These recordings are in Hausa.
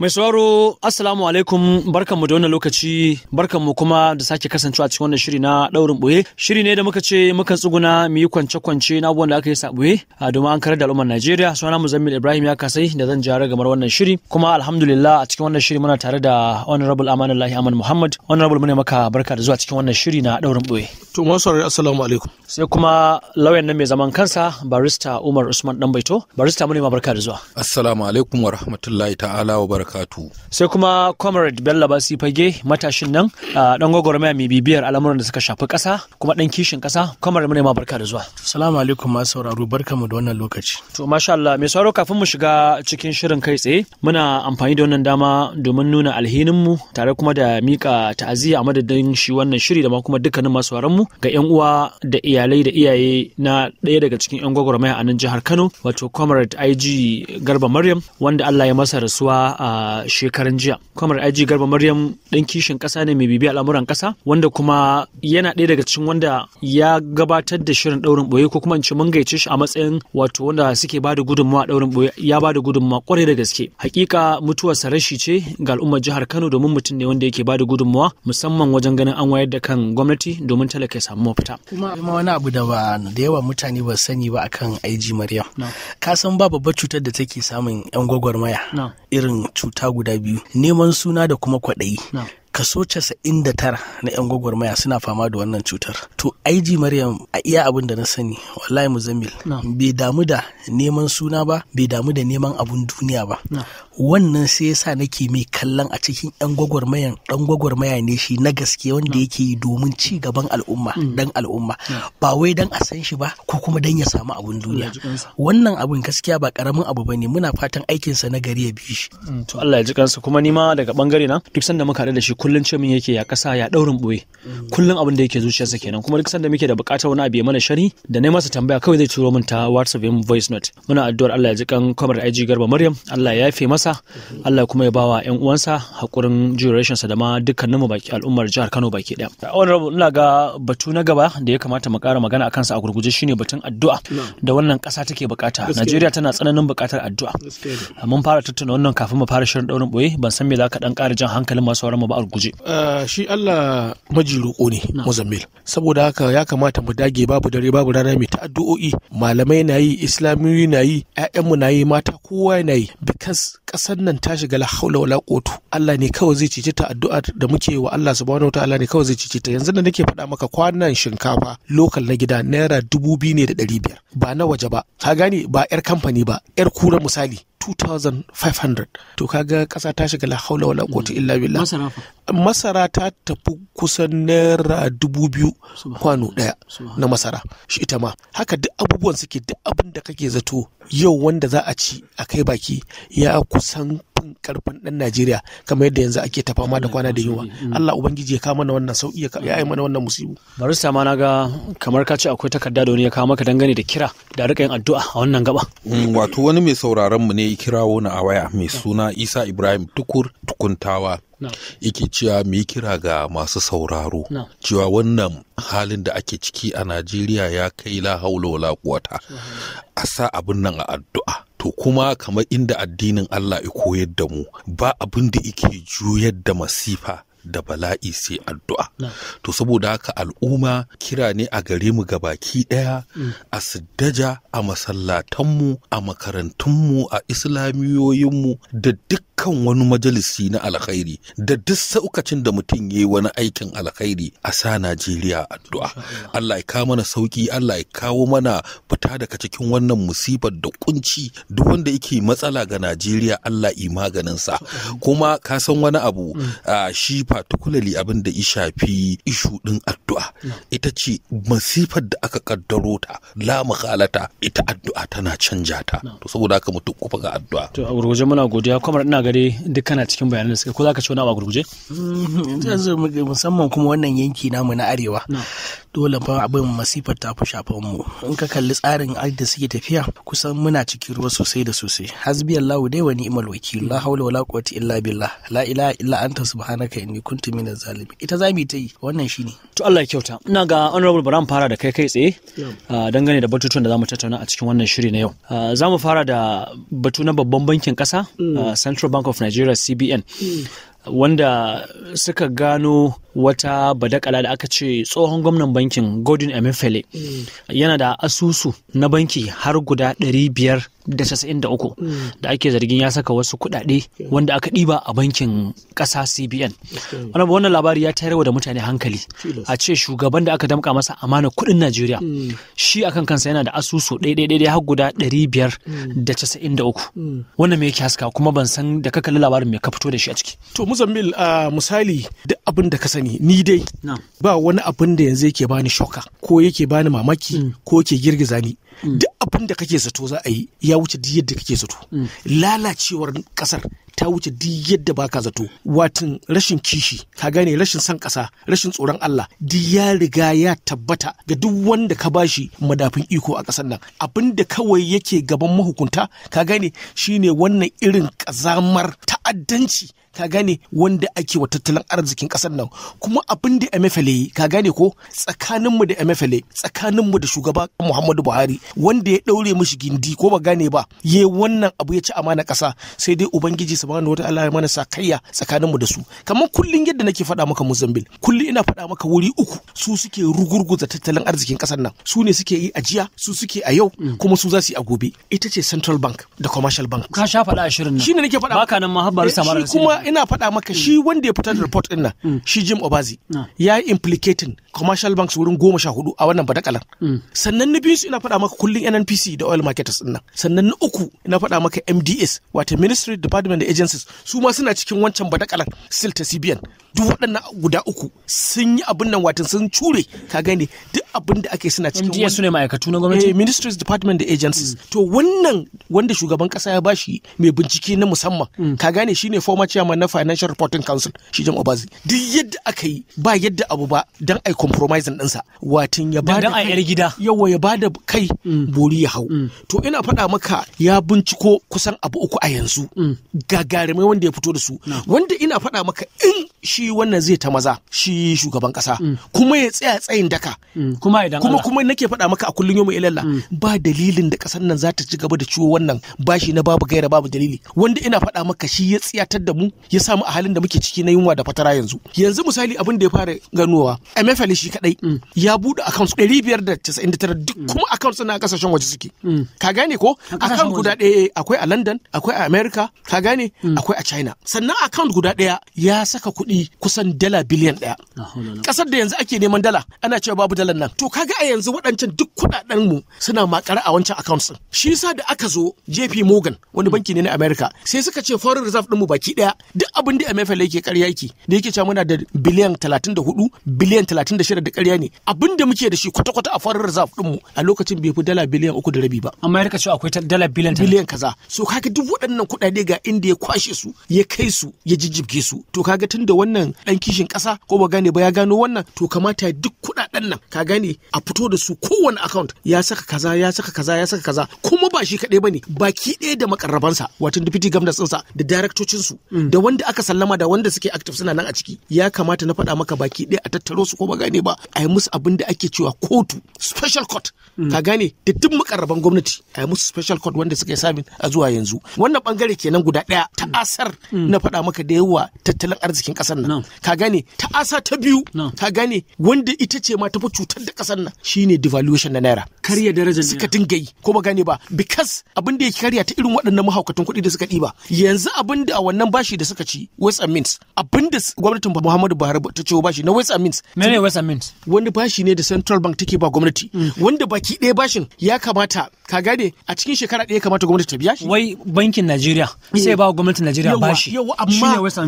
Mai sauraro Assalamu alaikum mu da wannan lokaci barkan mu kuma da sake kasancewa cikin wannan shiri na daurin boye shiri ne da muka ce muka tsuguna mu yi kwance kwance na abubuwan da aka yi sabuye a domin an karar da al'ummar Najeriya suna Muzammil Ibrahim ya kasai da zan jara gamar wannan shiri kuma alhamdulillah a cikin wannan shiri muna tare da Honorable Amanullahi Aman Muhammad Honorable mune maka barka da zuwa cikin wannan shiri na daurin boye. To masu sauraro Assalamu alaikum. Sai kuma lauyan nan mai zaman kansa barista Umar Usman Danbaito barista mune ma barka da zuwa. Assalamu alaikum wa rahmatullahi ta'ala wa barakatuh barakatu. Sai kuma Comrade Bello Basi Fage matashin nan a ɗan gwagwarmaya mai bibiyar al'amuran da suka shafi ƙasa kuma ɗan kishin ƙasa Comrade mu ma barka da zuwa. salamu alaikum masu sauraro mu da wannan lokaci. To masha Allah mai sauraro kafin mu shiga cikin shirin kai tsaye muna amfani da wannan dama domin nuna alhinin mu tare kuma da mika ta'aziyya a madadin shi wannan shiri da ma kuma dukkanin masu mu ga yan uwa da iyalai da iyaye na ɗaya daga cikin yan gwagwarmaya a nan jihar Kano wato Comrade IG Garba Maryam wanda Allah ya masa rasuwa a a shekaran jiya kwamar aji garba maryam ɗan kishin ƙasa ne mai bibi al'amuran ƙasa wanda kuma yana ɗaya daga cikin wanda ya gabatar da shirin ɗaurin ɓoye ko kuma in ce mun shi a matsayin wato wanda suke ba da gudunmawa ɗaurin ɓoye ya ba da gudunmawa ƙwarai da gaske hakika mutuwar sarashi ce ga al'ummar jihar kano domin mutum ne wanda yake ba da gudunmawa musamman wajen ganin an wayar da kan gwamnati domin talaka ya samu mafita kuma wani abu da ba da yawa mutane ba sani ba akan aiji maryam ka san ba babbar cutar da take samun yan gwagwarmaya irin cutar cuta guda biyu neman suna da kuma kwaɗayi kaso tara na 'yan gwagwarmaya suna fama da wannan cutar to aiji maryam a iya abin da na sani wallahi muzammil bai damu da neman suna ba bai damu da neman abun duniya ba wannan sai ya sa nake mai kallon a cikin 'yan gwagwarmayan dan gwagwarmaya ne shi na gaske wanda yake yi domin ci gaban al'umma dan mm. al'umma ba wai dan a san shi ba ko kuma dan ya samu abun duniya wannan abun gaskiya ba karamin abu bane muna fatan aikinsa na gari ya bi shi mm, to Allah ya ji kansa kuma nima daga bangare na duk sanda muka da shi kullun ce min yake ya kasa ya daurin boye kullun abin da yake zuciyarsa kenan kuma duk sanda muke da bukata wani abu ya mana shari da nai masa tambaya kawai zai turo min ta WhatsApp in voice note muna addu'ar Allah ya ji kan kamar IG Garba Maryam Allah ya yafe masa Allah kuma ya bawa ƴan uwansa hakurin generation sa da ma dukkaninmu baki al'ummar jihar Kano baki daya honorable ina ga batu na gaba da ya kamata mu kara magana akan sa a gurguje shine batun addu'a da wannan kasa take bukata Najeriya tana tsananin bukatar addu'a mun fara tattauna wannan kafin mu fara shirin daurin boye ban san me za ka dan ƙara jan hankalin masu mu ba gurguje eh, shi Allah maji roƙo ne muzammil saboda haka ya kamata mu dage babu dare babu rana mai ta'addu'o'i malamai na yi islamiyoyi na yi ƴaƴanmu na yi mata kowa na yi because ƙasar nan ta shiga la haula wala qutu Allah ne kawai zai cece ta addu'a da muke wa Allah subhanahu ta'ala ne kawai zai cece ta yanzu da nake faɗa maka kwanan shinkafa lokal na gida naira dubu biyu ne da ɗari biyar ba na waje ba ka gane ba 'yar kamfani ba 'yar kura misali 2,500 to kaga ƙasa ta shiga la haula wala quwwata illa billah masara ta tafi kusan naira dubu biyu kwano ɗaya na masara shi ita ma haka duk abubuwan suke duk abin da kake zato yau wanda za a ci a kai baki ya kusan fin karfin dan Najeriya kamar yadda yanzu ake ta fama da kwana da yunwa Allah ubangiji ya kawo mana wannan sauki ya yi mana wannan musibu barista ma na ga kamar ka ce akwai takarda da wani ya kawo maka dangane da kira da rika yin addu'a a wannan gaba mm, wato wani mai sauraron mu ne ya kirawo na a waya mai suna Isa Ibrahim Tukur Tukuntawa yake cewa mu kira ga masu sauraro cewa wannan halin da ake ciki a najeriya ya kai la haula wala a sa abin nan a addu'a to kuma kamar inda addinin Allah ya koyar da mu ba abin da yake juyar da masifa da bala'i sai addu'a to saboda haka al'umma kira ne a gare mu baki ɗaya mm. a siddaja a masallatanmu a makarantunmu a islamiyoyinmu da dukkan wani majalisi na alkhairi da duk saukacin da mutum ya yi wani aikin alkhairi a sa najeriya addu'a allah ya kawo mana sauki allah ya kawo mana fita daga cikin wannan musibar da kunci duk wanda yake matsala ga najeriya allah yi sa. kuma ka san wani abu mm. shi particularly abin da ya shafi ishu din addu'a ita ce masifar da aka kaddaro ta la mahalata ita addu'a tana canja ta to saboda haka mutum kufa ga addu'a to a gurguje muna godiya kamar ina gare duk cikin bayanan da suka ko zaka ci wani a gurguje musamman kuma wannan yanki namu na arewa dole fa abin masifar ta fi shafan mu in ka kalli tsarin da suke tafiya kusan muna cikin ruwa sosai da sosai hasbi Allahu dai wa ni'mal wakil la hawla wala quwwata illa billah la ilaha illa anta subhanaka inni kuntu minaz zalimin ita za mu yi wannan shine to Allah ya kyauta ina ga honorable Baran fara da kai kai tsaye ah, dangane da batutuwan da zamu tattauna a cikin wannan shiri na yau ah, zamu fara da batu na babban bankin kasa mm. ah, Central Bank of Nigeria CBN mm. wanda suka gano wata badakala da aka ce tsohon gwamnan bankin Gordon Emefiele mm. yana da asusu na banki har guda 593 mm. da ake zargin ya saka wasu kuɗaɗe wanda aka ɗiba a bankin ƙasa CBN. Wannan labari ya tayarwa da mutane hankali a ce shugaban da aka damƙa masa amana kuɗin Najeriya mm. shi akan kansa yana da asusu ɗaiɗaiɗaiɗai har guda 593. Wannan me yake haska kuma ban san da ka kalli labarin me ka fito da shi a ciki. To Muzammil misali duk abin da ka sani ni dai ba wani abin da yanzu yake bani shoka ko yake bani mamaki hmm. ko ke girgiza ni duk abin da kake zato za a yi ya wuce duk yadda kake zato mm. lalacewar kasar ta wuce duk yadda baka zato watin rashin kishi ka gane rashin san kasa rashin tsoron Allah duk ya riga ya tabbata ga duk wanda ka bashi madafin iko a kasar nan abin da kawai yake gaban mahukunta ka gane shine wannan irin kazamar ta'addanci ka gane wanda ake wa tattalin arzikin kasar nan kuma abin da yi. ka gane ko tsakaninmu da MFLA tsakaninmu da shugaba Muhammadu Buhari wanda ya daure mishi gindi ko ba gane ba ye wannan abu ya ci amana kasa sai dai ubangiji subhanahu wataala ya mana sakayya tsakaninmu da su kamar kullun yadda nake faɗa maka Mozambique kullun ina faɗa maka wuri uku su suke rugurguza tattalin arzikin kasar nan su ne suke yi ajiya su suke a yau mm. kuma su za su yi a gobe ita ce Central Bank da Commercial Bank ka sha faɗa ashirin nan shine nake faɗa baka nan mahabbar eh, samar shi kuma ina faɗa maka mm. shi wanda ya fitar da report din nan mm. shi Jim Obazi ah. ya implicating commercial banks wurin goma sha hudu a wannan fadakalan. Mm. Sannan na biyu su ina faɗa maka kullum NNPC da oil marketers ɗin nan. Sannan na uku ina faɗa maka MDS wato Ministry Department Agencies su ma suna cikin wancan fadakalan sil ta CBN. Duk waɗannan guda uku sun yi abin nan watan sun cure ka gani duk abin da ake suna cikin MDS su ne ma'aikatu na gwamnati. Eh, Ministries Department Agencies. Mm. To wannan wanda shugaban kasa ya bashi mai bincike na musamman. Mm. Ka gane shine former chairman na Financial Reporting Council shi Jam Obazi. Duk yadda aka yi ba yadda abu ba dan aiko compromising ɗinsa watin ya ba da yar gida yawa ya ba da kai mm. bori ya hau mm. to ina faɗa maka ya binciko kusan abu uku a yanzu mm. gagarumai wanda ya fito da su wanda ina faɗa maka in shi wannan zai ta maza shi shugaban kasa mm. kuma ya tsaya tsayin daka mm. kuma idan kuma kuma nake faɗa maka a kullun yau ilalla mm. ba dalilin da kasar nan za ta ci gaba da ciwo wannan bashi na babu gaira babu dalili wanda ina faɗa maka shi ya tsiyatar da mu ya samu a halin da muke ciki na yunwa da fatara yanzu yanzu misali abin da ya fara ganowa MFL e shi kadai ya bude accounts 599 duk kuma accounts na kasashen waje suke ka gane ko account guda ɗaya eh, akwai a London akwai a America ka gane akwai a China sannan account guda ɗaya ya saka kuɗi kuɗi kusan dala biliyan ɗaya. Ƙasar da yanzu ake neman dala ana cewa babu dalar nan. To kaga a yanzu waɗancan duk kuɗaɗen mu suna makara a wancan accounts ɗin. Shi yasa da aka zo JP Morgan wani hmm. banki ne na America sai suka ce foreign reserve ɗin mu baki ɗaya duk abin da MFL yake ƙarya yake da yake cewa muna da biliyan 34 biliyan 36 da ƙarya ne abin da muke da shi kwata-kwata a foreign reserve ɗin mu a lokacin bai fi dala biliyan uku da rabi ba. America cewa akwai dala biliyan biliyan kaza. So kaga duk waɗannan kuɗaɗe ga inda ya kwashe su ya kai su ya jijjibge su to kaga tun da wannan dan kishin kasa ko ba gane ba ya gano wannan to kamata ya duk kuɗaɗen nan ka gane a fito da su kowane account ya saka kaza ya saka kaza ya saka kaza kuma ba shi kaɗai bane baki ɗaya da makarrabansa wato deputy governor sinsa da directocin su mm. da wanda aka sallama da wanda suke active suna nan a ciki ya kamata na faɗa maka baki ɗaya a tattaro su ko ba gane ba a yi musu abin da ake cewa kotu special court mm. ka gane da duk makarraban gwamnati a yi musu special court wanda suka yi a zuwa yanzu wannan bangare kenan guda ɗaya ta mm. asar na faɗa maka da yawa tattalin arzikin ƙasa kasar nan ka gane asa ta biyu ka gane wanda ita ce ma tafi cutar da kasar nan shine devaluation na naira karya darajar suka dinga yi ko ba gane ba because abin da yake karya ta irin waɗannan mahaukatan kuɗi da suka ɗiba yanzu abin da a wannan bashi da suka ci West Amins abin da gwamnatin Muhammadu Buhari ta ciwo bashi na West Amins mene West Amins wani bashi ne da Central Bank take ba gwamnati mm. wanda baki ɗaya bashin ya kamata ka gane a cikin shekara ɗaya kamata gwamnati ta biya shi wai bankin Najeriya sai ba gwamnatin Najeriya bashi yawa amma West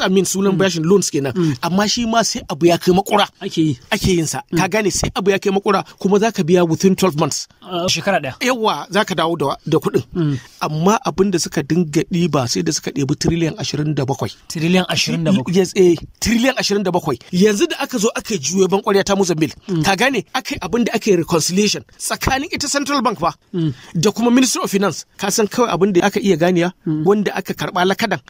Amins sunan mm. bashi sashin loans kenan mm. amma shi ma sai abu ya kai makura ake yi ake yin sa ka mm. gane sai abu ya kai makura kuma zaka biya within 12 months uh, shekara daya yawa zaka dawo da da kudin mm. amma abin da suka dinga ba sai da suka debi trillion 27 trillion 27 yes eh trillion 27 yanzu da aka zo aka juye ban ƙwarya ta Mozambique ka gane akai abin da ake reconciliation tsakanin ita Central Bank ba da kuma Ministry of Finance ka san kawai abin da aka iya ganiya wanda aka karba lakadan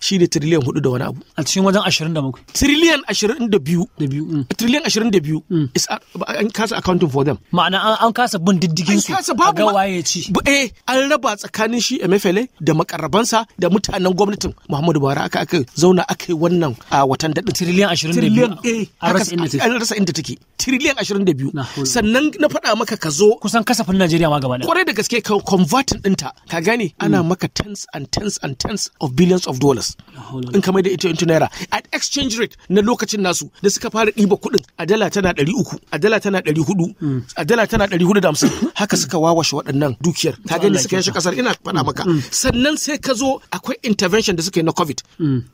shi trillion hudu da wani abu a cikin wajen 27 trillion ashirin da biyu mm. trillion biyu. Mm. is an kasa accounting for them ma'ana an kasa bin diddigin su a ga waye ci eh an raba tsakanin shi emefele da makarabansa da mutanen gwamnatin muhammadu buhari aka aka zauna aka yi wannan a watan daɗin trillion Eh. an rasa inda take trillion biyu. sannan na faɗa maka ka zo kusan kasafin najeriya ma gaba ɗaya kwarai da gaske ka convert ɗinta ka gane ana mm. maka tens and tens and tens of billions of dollars in kamar da ita into naira a at exchange rate na lokacin nasu da suka fara ɗiba kuɗin a dala tana ɗari uku a dala tana ɗari hudu hmm. a dala tana ɗari hudu da hamsin haka suka wawashe waɗannan dukiyar ta gani suka yashe ƙasar ina faɗa hmm. maka hmm. sannan sai ka zo akwai intervention da suka yi na covid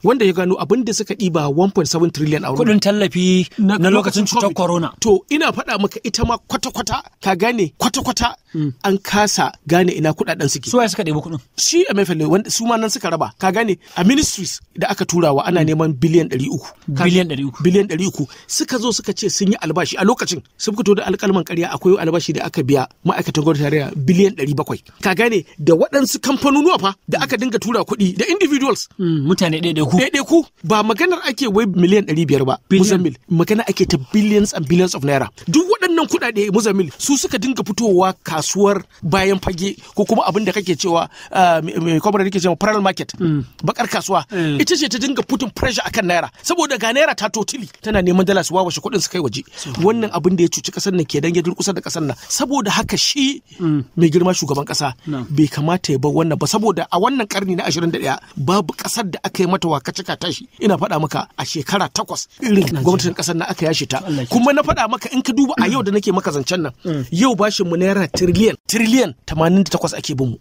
wanda ya gano abin da suka ɗiba 1.7 trillion a kuɗin tallafi na lokacin cutar corona to ina faɗa maka ita ma kwata-kwata ka gane kwata-kwata an kasa gane ina kuɗaɗen suke su suka ɗiba kuɗin shi a mefele su ma nan suka raba ka gane a ministries da aka turawa ana neman biliyan biliyan 300 biliyan 300 biliyan 300 suka zo suka ce sun yi albashi a lokacin sun fito da alƙalman ƙarya akwai albashi da aka biya ma'aikatan gwamnati tarayya biliyan 700 ka gane da waɗansu kamfanonuwa fa da aka dinga tura kuɗi da individuals hmm, mutane ɗaya ku ɗaiɗaiku ku ba maganar ake wai miliyan 500 ba muzammil magana ake ta billions and billions of naira duk waɗannan kuɗaɗe muzammil su suka dinga fitowa kasuwar bayan fage ko kuma abin da kake cewa ah, mai kwamar da kake cewa parallel market hmm. bakar kasuwa eh. ita ce ta dinga putin pressure akan kan naira saboda ga naira ta totili tana neman dala su wawashe kuɗin su kai waje wannan abin da ya cuci kasar nan ke dan ya durƙusa da ƙasar nan saboda haka shi mm. mai girma shugaban ƙasa bai kamata ya bar wannan ba saboda a wannan karni na 21 babu kasar da aka yi mata waka cika tashi ina faɗa maka a shekara takwas irin gwamnatin ƙasar nan aka yashe ta kuma na faɗa maka in ka duba a yau da nake maka zancen nan mm. yau bashin mu naira tiriliyan tiriliyan 88 ake bin mu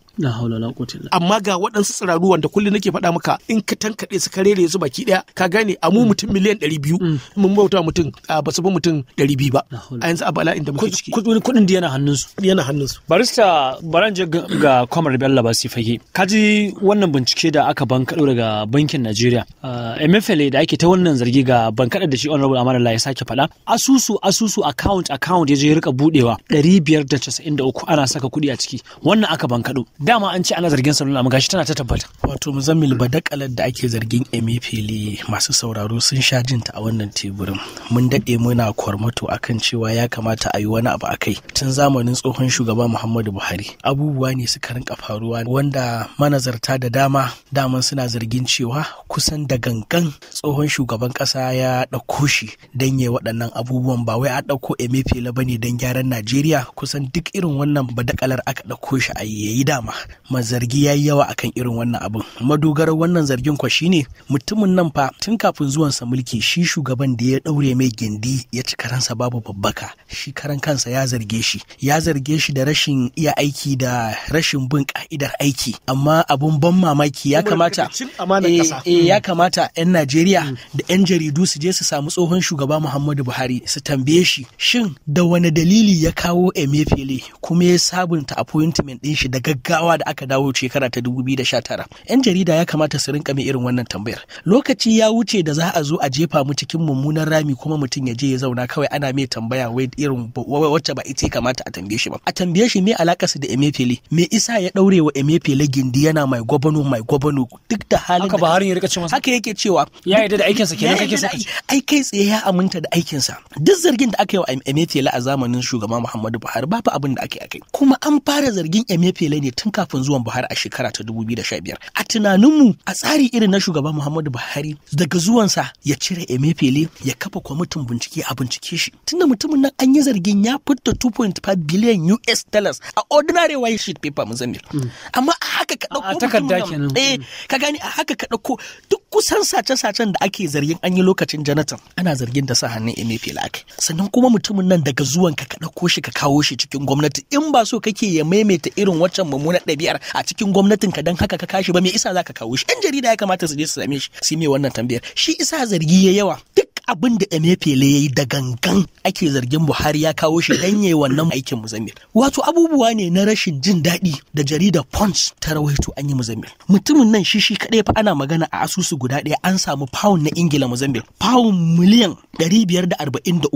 amma ga waɗansu tsiraru wanda kullum nake faɗa maka in ka tankaɗe su ka rere su baki ɗaya ka ka gane a mu mm. mutum miliyan ɗari biyu mm. mun bauta mutum a basu ba mutum ɗari biyu ba a yanzu a bala'in da muke ciki kuɗin da yana hannunsu yana hannunsu barista baran je ga kwamar Allah ba su fage ka ji wannan bincike da aka bankaɗo daga bankin najeriya uh, mfla da ake ta wannan zargi ga bankaɗar da shi honorable amara Allah ya sake faɗa asusu asusu account account ya je rika buɗewa ɗari biyar da casa'in da uku ana saka kuɗi a ciki wannan aka bankaɗo dama an ce ana zargin sanuna amma gashi tana ta tabbata wato muzammil badakalar da ake zargin mfla masu sauraro sun sha jinta a wannan teburin mun daɗe muna kwarmato kan cewa ya kamata a yi wani abu a kai tun zamanin tsohon shugaba muhammadu buhari abubuwa ne suka rinka faruwa wanda manazarta da dama daman suna zargin cewa kusan da gangan tsohon shugaban ƙasa ya ɗauko shi don ya waɗannan abubuwan ba wai a ɗauko Emefela ba ne don gyaran najeriya kusan duk irin wannan badakalar aka ɗauko shi a yayi dama mazargi ya yi yawa akan irin wannan abin madogarar wannan zargin kwa ne? mutumin nan fa tun kafin zuwansa mulki shi shugaban da ya ɗaure mai gindi ya ci karansa babu babbaka shi karan kansa ya zarge shi ya zarge shi da rashin iya aiki da rashin bin ka'idar aiki amma abun ban mamaki ya kamata eh, eh, ya kamata 'yan Najeriya mm. da 'yan jaridu su je su samu tsohon shugaba Muhammadu Buhari su tambaye shi shin da wani dalili ya kawo emefele kuma ya sabunta appointment din shi da gaggawa da aka dawo shekara ta 2019 'yan jarida ya kamata su rinka mai irin wannan tambayar lokaci ya wuce da za a zo a jefa mu cikin mummunan rami kuma mutum ya je ya zauna kawai ana mai tambaya wai irin wacce ba ita kamata a tambaye shi ba a tambaye shi me su da emefele me isa ya daure wa emefele gindi yana mai gwabano mai gwabano duk da halin haka ba har ya rika ce haka yake cewa ya yarda da aikinsa kenan kake sa ai kai tsaye ya aminta da aikinsa duk zargin da aka yi wa emefele a zamanin shugaba Muhammadu Buhari babu abin da ake akai kuma an fara zargin emefele ne tun kafin zuwan Buhari a shekara ta 2015 a tunaninmu a tsari irin na shugaba Muhammadu Buhari daga zuwansa ya cire emefele ya kafa kwamitin bincike a bincike shi tunda mutumin nan an yi zargin ya fitta 2.5 biliyan US dollars a ordinary white sheet paper Mozambique mm. amma a haka ka ɗauko eh mm. ka gani a haka ka ɗauko duk kusan sace-sacen da ake zargin an yi lokacin janatan ana zargin da sa hannun Emefiele ake sannan kuma mutumin nan daga zuwan ka ka ɗauko shi ka kawo shi cikin gwamnati in ba so kake ya maimaita irin waccan mummunar ɗabi'ar a cikin gwamnatin ka dan haka ka kashi ba me isa zaka kawo shi yan jarida ya kamata su je su same shi su mai wannan tambayar shi isa zargi ya yawa duk abin da Emefiele ya yi da gangan ake zargin Buhari ya kawo shi danye wannan aikin muzamil Wato abubuwa ne na rashin jin daɗi da jarida Punch ta rawaito an yi muzamil Mutumin nan shi shi kaɗai fa ana magana a asusu guda ɗaya an samu pound na Ingila muzamil Pound miliyan ɗari biyar da arba'in da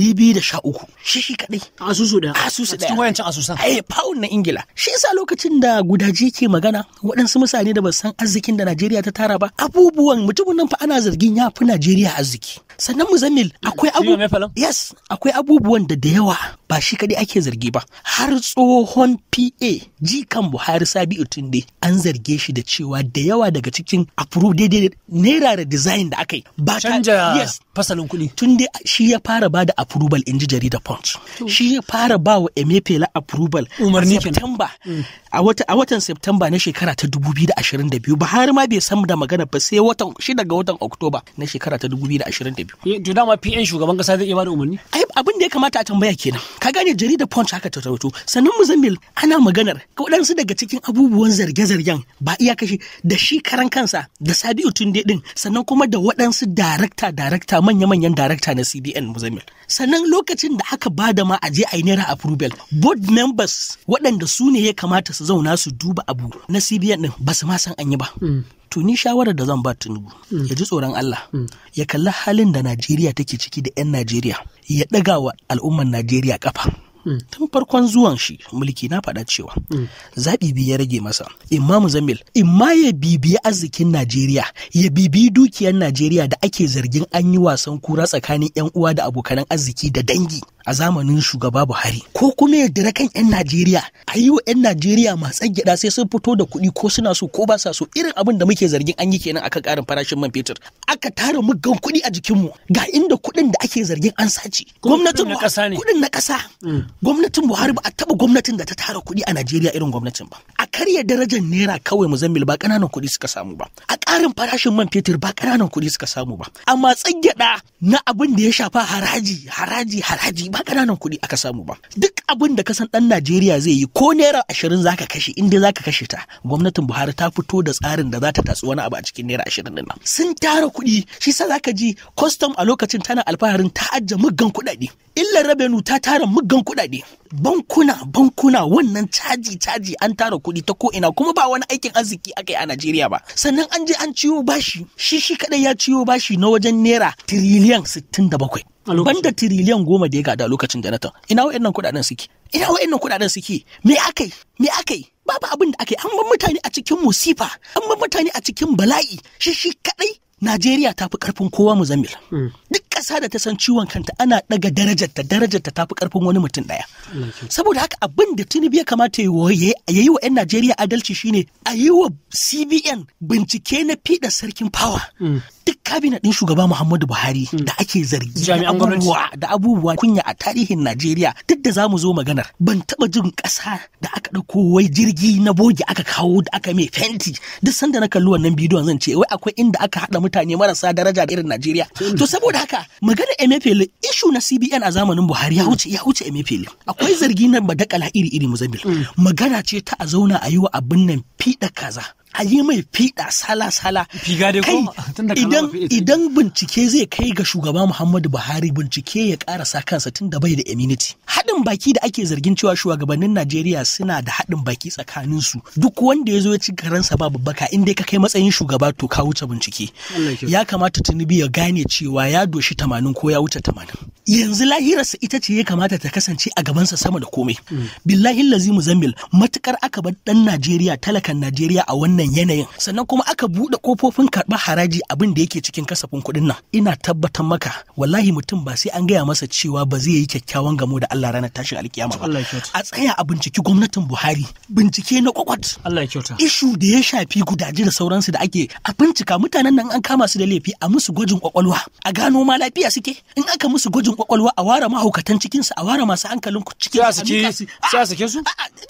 uku shi shi kaɗai. Asusu da asusu da cikin wayancin asusan. Eh pound na Ingila. Shi yasa lokacin da gudaji ke magana waɗansu mutane da ba san arzikin da Najeriya ta tara ba abubuwan mutumin nan fa ana zargin ya fi Najeriya arziki sannan muzammil akwai abubuwan yes akwai abubuwan da da yawa ba shi kadai ake zargi ba har tsohon PA jikan Buhari Sabi'u Tunde an zarge shi da cewa da yawa daga cikin approve daidai naira da design da aka yi ba canja yes fasalin kuɗi Tunde shi ya fara ba da approval in ji jarida Punch shi ya fara ba wa Emefela approval umarni September mm. a watan September na shekara ta 2022 Buhari ma bai san da magana ba sai watan shida ga watan Oktoba na shekara ta 2022. Eh, to ma PN shugaban kasa zai iya bada umarni? Ai abin da ya kamata a tambaya kenan. Ka gane jarida Punch haka ta tauto Sannan Muzammil ana maganar ga waɗansu daga cikin abubuwan zarge-zargen ba iya kashi da shi karan kansa da Sabiu Tunde din sannan kuma da waɗansu darakta darakta manya-manyan darakta na CBN Muzammil. sannan lokacin da aka ba da ma a je a yi naira approval board members waɗanda su ne ya kamata su zauna su duba abu na cbn din ba su ma san an yi ba mm. to ni shawarar da zan ba tinubu mm. ya ji tsoron allah mm. ya kalli halin da najeriya take ciki da 'yan najeriya ya ɗaga wa al'ummar najeriya ƙafa. Mm. tun farkon zuwan shi mulki na faɗa cewa mm. zaɓi biyu ya rage masa imamu zamil imma ya bibiyi arzikin najeriya ya bibi dukiyar najeriya da ake zargin an yi wasan kura tsakanin yan uwa da abokanan arziki da dangi a zamanin shugaba Buhari ko kuma ya dira kan 'yan Najeriya a yi wa 'yan Najeriya masu gida sai sun fito da kuɗi ko suna so ko ba sa so irin abin da muke zargin an yi kenan akan ƙarin farashin man fetur aka tara muggan kuɗi a jikinmu ga inda kuɗin da ake zargin an sace gwamnatin kuɗin na ƙasa hmm. gwamnatin Buhari ba a taɓa gwamnatin da ta tara kuɗi a Najeriya irin gwamnatin ba a karya darajar naira kawai mil ba ƙananan kuɗi suka samu ba a ƙarin farashin man fetur ba ƙananan kuɗi suka samu ba amma tsaggada na abin da ya shafa haraji haraji haraji ba ƙananan kuɗi aka samu ba duk abin da kasan ɗan Najeriya zai yi ko naira ashirin zaka kashe inda zaka kashe ta gwamnatin Buhari ta fito da tsarin da za ta tatsi wani abu a cikin naira ashirin nan sun tara kuɗi shi sa zaka ji custom a lokacin tana alfaharin ta ajje muggan kuɗaɗe illar rabenu ta tara muggan kudade bankuna bankuna wannan caji caji an tara kudi ta ko ina kuma ba wani aikin arziki aka yi a Najeriya ba sannan an je an ciwo bashi shi shi kadai ya ciwo bashi na wajen naira tiriliyan 67 banda tiriliyan goma da ya gada lokacin Jonathan ina wa'annan kudaden suke ina wa'annan kudaden suke me akai me akai babu abin da akai an bar mutane a cikin musifa an bar mutane a cikin bala'i shi shi kadai Najeriya ta fi karfin kowa Muzamil. Hmm. Duk ƙasa da ta san ciwon kanta ana ɗaga darajarta darajarta ta fi ƙarfin wani mutum ɗaya saboda haka abin da tinubu ya kamata ya yi wa 'yan najeriya adalci shine a yi wa cbn bincike na fiɗa sarkin fawa mm. duk kabinet ɗin shugaba Muhammadu Buhari mm. da ake zargi abubuwa da abubuwa kunya a tarihin Najeriya duk da zamu zo maganar ban taɓa jin ƙasa da aka ɗauko wai jirgi na bogi aka kawo da aka mai fenti duk sanda na kalli wannan bidiyon zan ce wai akwai inda aka haɗa mutane marasa daraja da irin Najeriya to saboda haka magana Emefiele ishu na CBN a zamanin Buhari ya hmm. wuce ya wuce Emefiele akwai zargi na badakala iri iri Muzambil hmm. magana ce ta a zauna a yi wa abin nan fiɗa kaza a yi mai fiɗa sala-sala. idan idan bincike zai kai ga shugaba Muhammadu Buhari bincike ya karasa kansa tun da bai da immunity. Haɗin baki da ake zargin cewa shugabannin Najeriya suna da haɗin baki tsakanin su. Duk wanda ya zo ya ci karansa ba babbaka in dai ka kai matsayin shugaba to ka wuce bincike. Ya kamata tunubi ya gane cewa ya doshi tamanin ko ya wuce tamanin. Yanzu lahirarsa ita ce ya kamata ta kasance a gabansa sama da komai. Hmm. Billahi lazimu zambil matukar aka bar ɗan Najeriya talakan Najeriya a wannan wannan yanayin sannan kuma aka buɗe kofofin karɓar haraji abin da yake cikin kasafin kuɗin nan ina tabbatar maka wallahi mutum ba sai an gaya masa cewa ba zai yi kyakkyawan gamo da Allah ranar tashin alkiyama ba a tsaya a binciki gwamnatin Buhari bincike na kwakwat Allah kyauta ishu da ya shafi gudaji da sauransu da ake a bincika mutanen nan an kama su da laifi a musu gwajin kwakwalwa a gano ma lafiya suke in aka musu gwajin kwakwalwa a ware mahaukatan cikin su a ware masu hankalin cikin su sai su su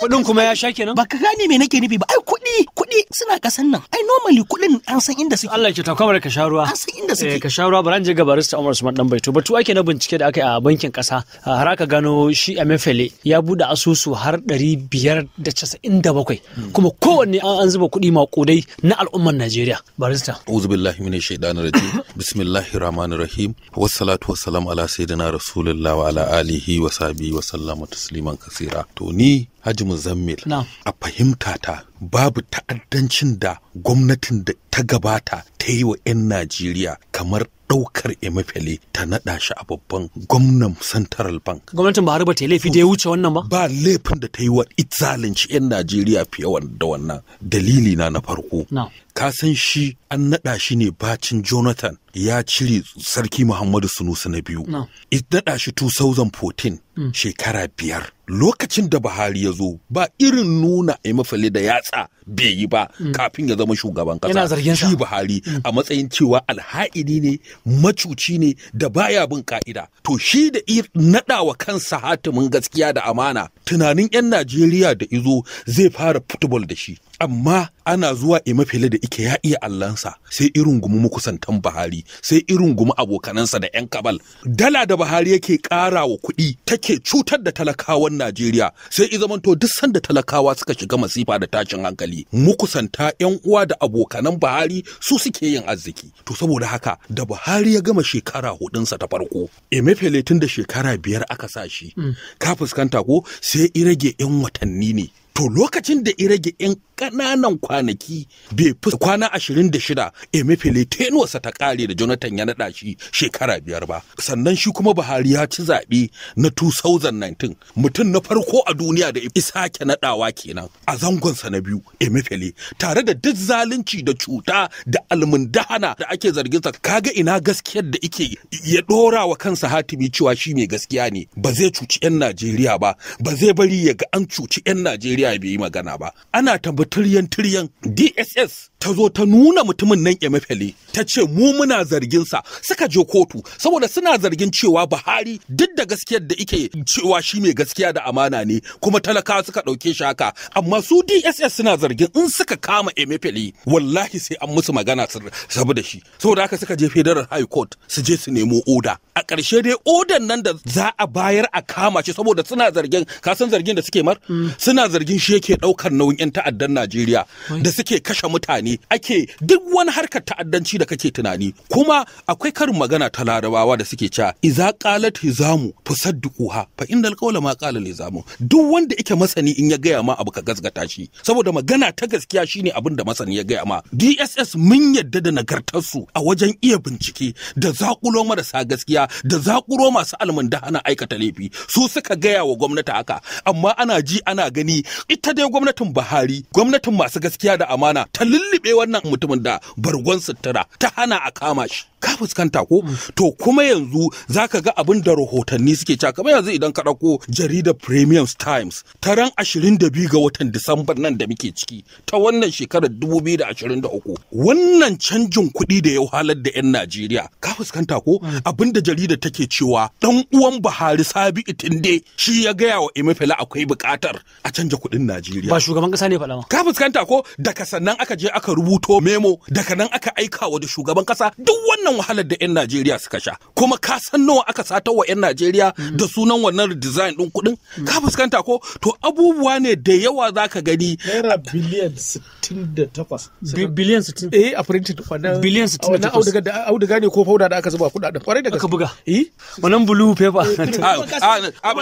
kuɗin kuma ya sha kenan baka gane me nake nufi ba ai kuɗi kuɗi suna kasan nan ai normally kuɗin an san inda suke Allah ya ki kamar ka sharuwa an san inda suke eh, ka sharuwa ruwa baran je ga barista Umar Usman dan Baito batu ake na bincike da aka yi a bankin kasa har aka gano shi Emefele ya bude asusu har 597 hmm. kuma kowanne an zuba kuɗi maƙudai na al'ummar Najeriya barista Uzu billahi minash shaitani rajim bismillahir rahmanir rahim wassalatu wassalamu ala sayyidina rasulillahi wa ala alihi wa sahbihi wa sallama tasliman kaseera to ni Haji Muzammil a fahimta ta babu ta'addancin da gwamnatin da ta gabata ta yi wa 'yan Najeriya kamar ɗaukar emefele ta naɗa shi a babban gwamnan central bank gwamnatin buhari ba ta laifi da ya wuce wannan ba ba laifin da ta yi wa zalunci 'yan najeriya fiye da wannan dalili na na farko ka san shi an naɗa shi ne bacin jonathan ya cire sarki muhammadu sunusa na biyu naɗa shi 2014 mm. shekara biyar lokacin da buhari ya zo ba irin nuna a mafale da yatsa bai yi ba mm. kafin ya zama shugaban kasa shi buhari mm. a matsayin cewa alha'idi ne macuci ne da baya bin ka'ida to shi da naɗa wa kansa hatimin gaskiya da amana tunanin 'yan najeriya da izo zai fara football da shi amma ana zuwa emefele da ike ya iya allansa sai irin gumu makusantan buhari sai irin gumu abokanansa da yan kabal dala da buhari yake ƙara wa kuɗi take cutar da talakawan najeriya sai i zamanto duk sanda talakawa suka shiga masifa da tashin hankali mukusanta yan uwa da abokanan buhari su suke yin arziki to saboda haka da buhari ya gama shekara hudunsa ta farko emefele tun da shekara biyar aka sa shi mm. ka fuskanta ko sai i rage yan watanni ne to lokacin da ya rage 'yan ƙananan kwanaki bai fi kwana ashirin da shida emefiele tenuwarsa ta ƙare da jonathan ya naɗa shi shekara biyar ba sannan shi kuma buhari ya ci zaɓe na 2019 mutum na farko a duniya da ke naɗawa kenan a zangonsa na biyu fele tare da duk zalunci da cuta da almundahana da ake zarginsa kaga ina gaskiyar da ike ya ɗora wa kansa hatimi cewa shi mai gaskiya ne ba zai cuci 'yan najeriya ba ba zai bari ya ga an cuci 'yan najeriya FBI bai yi magana ba ana ta tiryan tiryan DSS ta zo ta nuna mutumin nan emefele ta ce mu muna zarginsa suka je kotu saboda suna zargin cewa buhari duk da gaskiyar da ike cewa shi mai gaskiya da amana ne kuma talakawa suka ɗauke shi haka amma su dss suna zargin in suka kama emefele wallahi sai an musu magana saboda shi saboda haka suka je federal high court su je su nemo oda a ƙarshe dai odan nan da za a bayar a kama shi saboda suna zargin kasan zargin da suke mar mm. suna zargin shi yake ɗaukar nauyin 'yan ta'addan najeriya da suke kashe mutane ake duk wani harkar ta'addanci da kake tunani kuma akwai karin magana ta larabawa da suke cewa iza qalat hizamu fasadduquha fa innal qawla ma qala lizamu duk wanda yake masani in ya gaya ma abu ka gasgata shi saboda magana ta gaskiya shine abin da masani ya gaya ma DSS mun yadda da nagartar su a wajen iya bincike da zakulo marasa gaskiya da zakuro masu ana aikata laifi su suka gaya wa gwamnati haka amma ana ji ana gani ita dai gwamnatin Buhari gwamnatin masu gaskiya da amana ta lulluɓe lullube wannan mutumin da bargon sutura ta hana a kama shi ka fuskanta ko mm. to kuma yanzu zaka ga abin da rahotanni suke cewa kamar yanzu idan ka ɗauko jaridar Premium Times ta ran 22 ga watan Disamba nan da muke ciki ta wannan shekarar 2023 wannan canjin kuɗi da ya halar da 'yan Najeriya ka fuskanta ko mm. abin da jaridar take cewa dan uwan Buhari Sabi Itinde shi ya gaya wa emefela akwai buƙatar a canja kuɗin Najeriya ba shugaban ƙasa ne faɗa ka fuskanta ko daga sannan aka je aka rubuto memo daga nan aka aika wa da shugaban ƙasa duk wannan san wahalar da 'yan Najeriya suka sha kuma ka san nawa aka sata wa 'yan Najeriya da sunan wannan design din kuɗin ka fuskanta ko to abubuwa ne da yawa za ka gani naira biliyan 68 biliyan 60 eh a printed wannan biliyan 68 wannan auduga da auduga ne ko fauda da aka zuba kuɗaɗen kwarai da gaske buga eh wannan blue paper eh, a ah,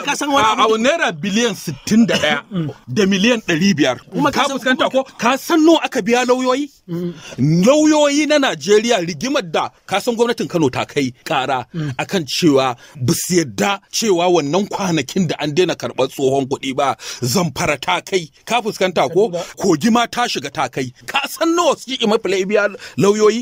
ka san ah, ah, wannan naira biliyan 61 mm. da miliyan 500 ka fuskanta ko ka san nawa aka biya lauyoyi mm. lauyoyi na Najeriya rigimar da ka san gwamnatin Kano ta kai kara akan cewa su yadda cewa wannan kwanakin da an daina karɓar tsohon kuɗi ba zan fara ta kai ka fuskanta ko kogi ma ta shiga ta kai ka san nawa suke imafila biya lauyoyi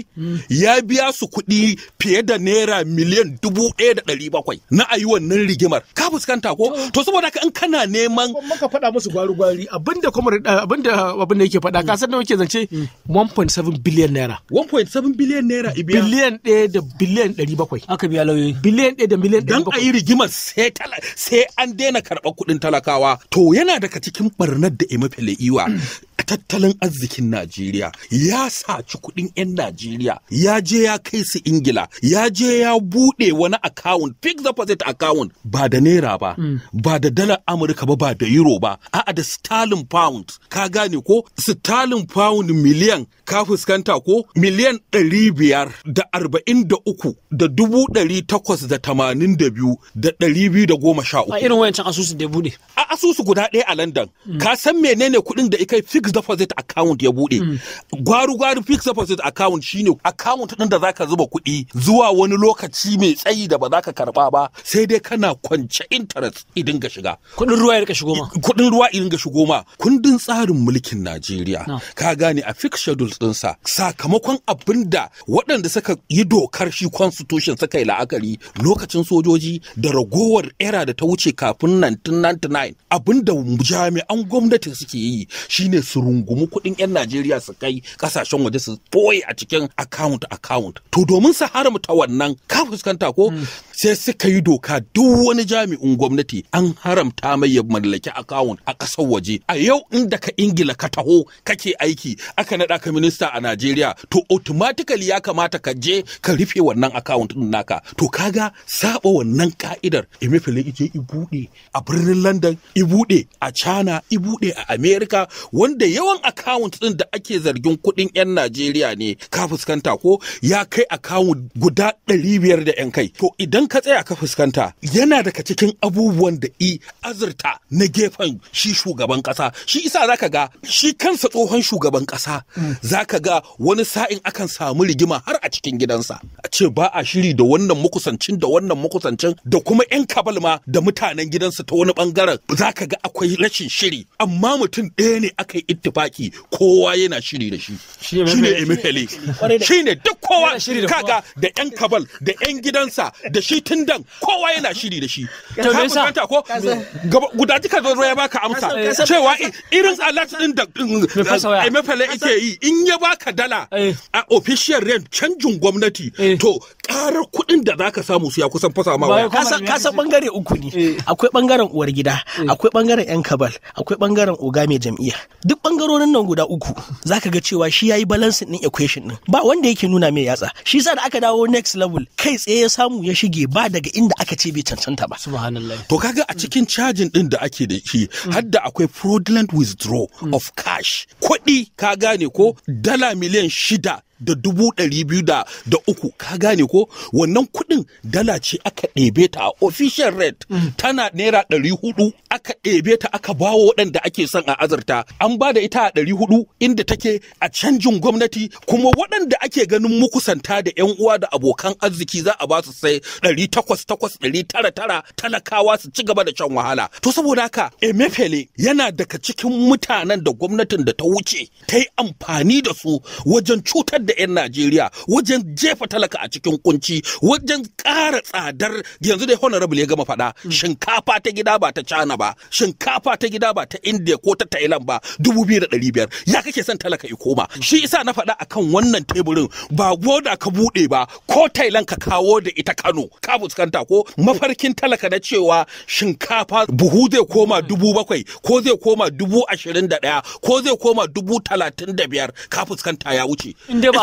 ya biya su kuɗi fiye da naira miliyan dubu ɗaya da ɗari bakwai na ayi wannan rigimar ka fuskanta ko to saboda ka in kana neman maka faɗa musu gwari gwari abinda kuma eh, abinda da yake faɗa ka san nawa yake zance 1.7 mm. biliyan naira 1.7 biliyan naira ibiya biliyan ɗaya da biliyan ɗari bakwai. Aka biya lauyoyi. Biliyan ɗaya da miliyan ɗari bakwai. Don a yi rigimar sai an daina karɓar kuɗin talakawa. To yana daga cikin ɓarnar da Emefele Iwa. tattalin arzikin Najeriya ya saci kuɗin 'yan Najeriya ya je ya kai su Ingila ya je ya buɗe wani account fixed deposit account ba da naira ba mm. ba da dalar Amurka ba ba da euro ba a'a da sterling pound ka gane ko sterling pound miliyan ka fuskanta ko miliyan ɗari biyar da arba'in da uku da dubu ɗari takwas da tamanin da biyu da ɗari biyu da goma sha uku. A irin wayancin asusu da ya buɗe. A asusu guda ɗaya a London. Mm. Ka san menene kuɗin da ikai fixed deposit account ya buɗe. Mm. Gwaru gwaru fixed deposit account shine account ɗin da zaka zuba kuɗi zuwa wani lokaci mai tsayi da ba za ka karɓa ba sai dai kana kwance interest idan ga shiga. Kuɗin ruwa ya rika shigo ma. Kuɗin ruwa idan ga shigo ma. Kundin tsarin mulkin Najeriya. Ka gane a fixed schedules ɗinsa sakamakon abin da waɗanda suka yi dokar shi constitution suka yi la'akari lokacin sojoji da ragowar era da ta wuce kafin 1999 abin da jami'an gwamnati suke yi shine su rungumi kuɗin 'yan Najeriya su kai kasashen waje su boye a cikin account account to domin su haramta wannan ka fuskanta ko mm. sai suka yi doka duk wani jami'in gwamnati an haramta mai ya mallaki account a ƙasar waje a yau inda ka ingila ka taho kake aiki aka naɗa ka minista a Najeriya to automatically ya kamata ka je ka rufe wannan account din naka to kaga saba wannan ka'idar imifilin ije i bude a birnin London i bude a China i bude a America wanda yawan account din da ake zargin kuɗin 'yan Najeriya ne ka fuskanta ko ya kai account guda 500 da 'yan kai to idan ka tsaya ka fuskanta yana daga cikin abubuwan da i azurta na gefen shi shugaban kasa shi isa zaka ga shi kansa tsohon shugaban kasa mm. za za ka ga wani sa'in akan samu rigima har a cikin gidansa a ce ba a shiri da wannan mukusancin da wannan mukusancin. da kuma 'yan kabal ma da mutanen gidansa ta wani bangaren za ka ga akwai rashin shiri amma mutum ɗaya ne aka yi ittifaki kowa yana shiri da shi shi ne emefele shi ne duk kowa kaga da 'yan kabal da 'yan gidansa da shi tundan kowa yana shiri da shi to me yasa ko guda duka zo ya baka amsa cewa irin alert din da emefele yake yi in in ya baka dala eh. a official rent canjin gwamnati eh. to Karar kuɗin da zaka samu su ya kusan fasa ma waya ka san bangare uku ne eh. akwai bangaren uwar gida eh. akwai bangaren yan kabal akwai bangaren oga mai jam'iyya duk bangarorin nan guda uku zaka ga cewa shi yayi balancing din equation din ba wanda yake nuna mai yatsa shi sa da aka dawo next level kai tsaye ya samu ya shige ba daga inda aka ce bai cancanta ba subhanallah to kaga a cikin cajin din da ake da shi mm. har da akwai fraudulent withdrawal mm. of cash kuɗi ka gane ko dala miliyan shida da dubu ɗari biyu da uku ka gane ko wannan kuɗin dala ce aka ɗebe ta a official rate mm. tana naira ɗari hudu aka ɗebe ta aka bawa waɗanda ake son a azurta an ba da ita a ɗari hudu inda take a canjin gwamnati kuma waɗanda ake ganin mukusanta da yan uwa da abokan arziki za a ba su sai ɗari takwas takwas ɗari tara tara talakawa su ci gaba da shan wahala to saboda haka emefele yana daga cikin mutanen da gwamnatin da ta wuce ta yi amfani da su wajen cutar da da 'yan Najeriya wajen jefa talaka a cikin kunci wajen ƙara tsadar yanzu dai honorable ya gama faɗa mm. shinkafa ta gida ba ta cana ba shinkafa ta gida ba ta India ko ta Thailand ba dubu biyu da ɗari biyar ya kake son talaka ya koma mm. shi isa na faɗa akan wannan teburin ba goda ka buɗe ba ko Thailand ka kawo da ita Kano ka fuskanta ko mafarkin talaka na cewa shinkafa buhu zai koma mm. dubu bakwai ko zai koma dubu ashirin da ɗaya ko zai koma dubu talatin da biyar ka fuskanta ya wuce.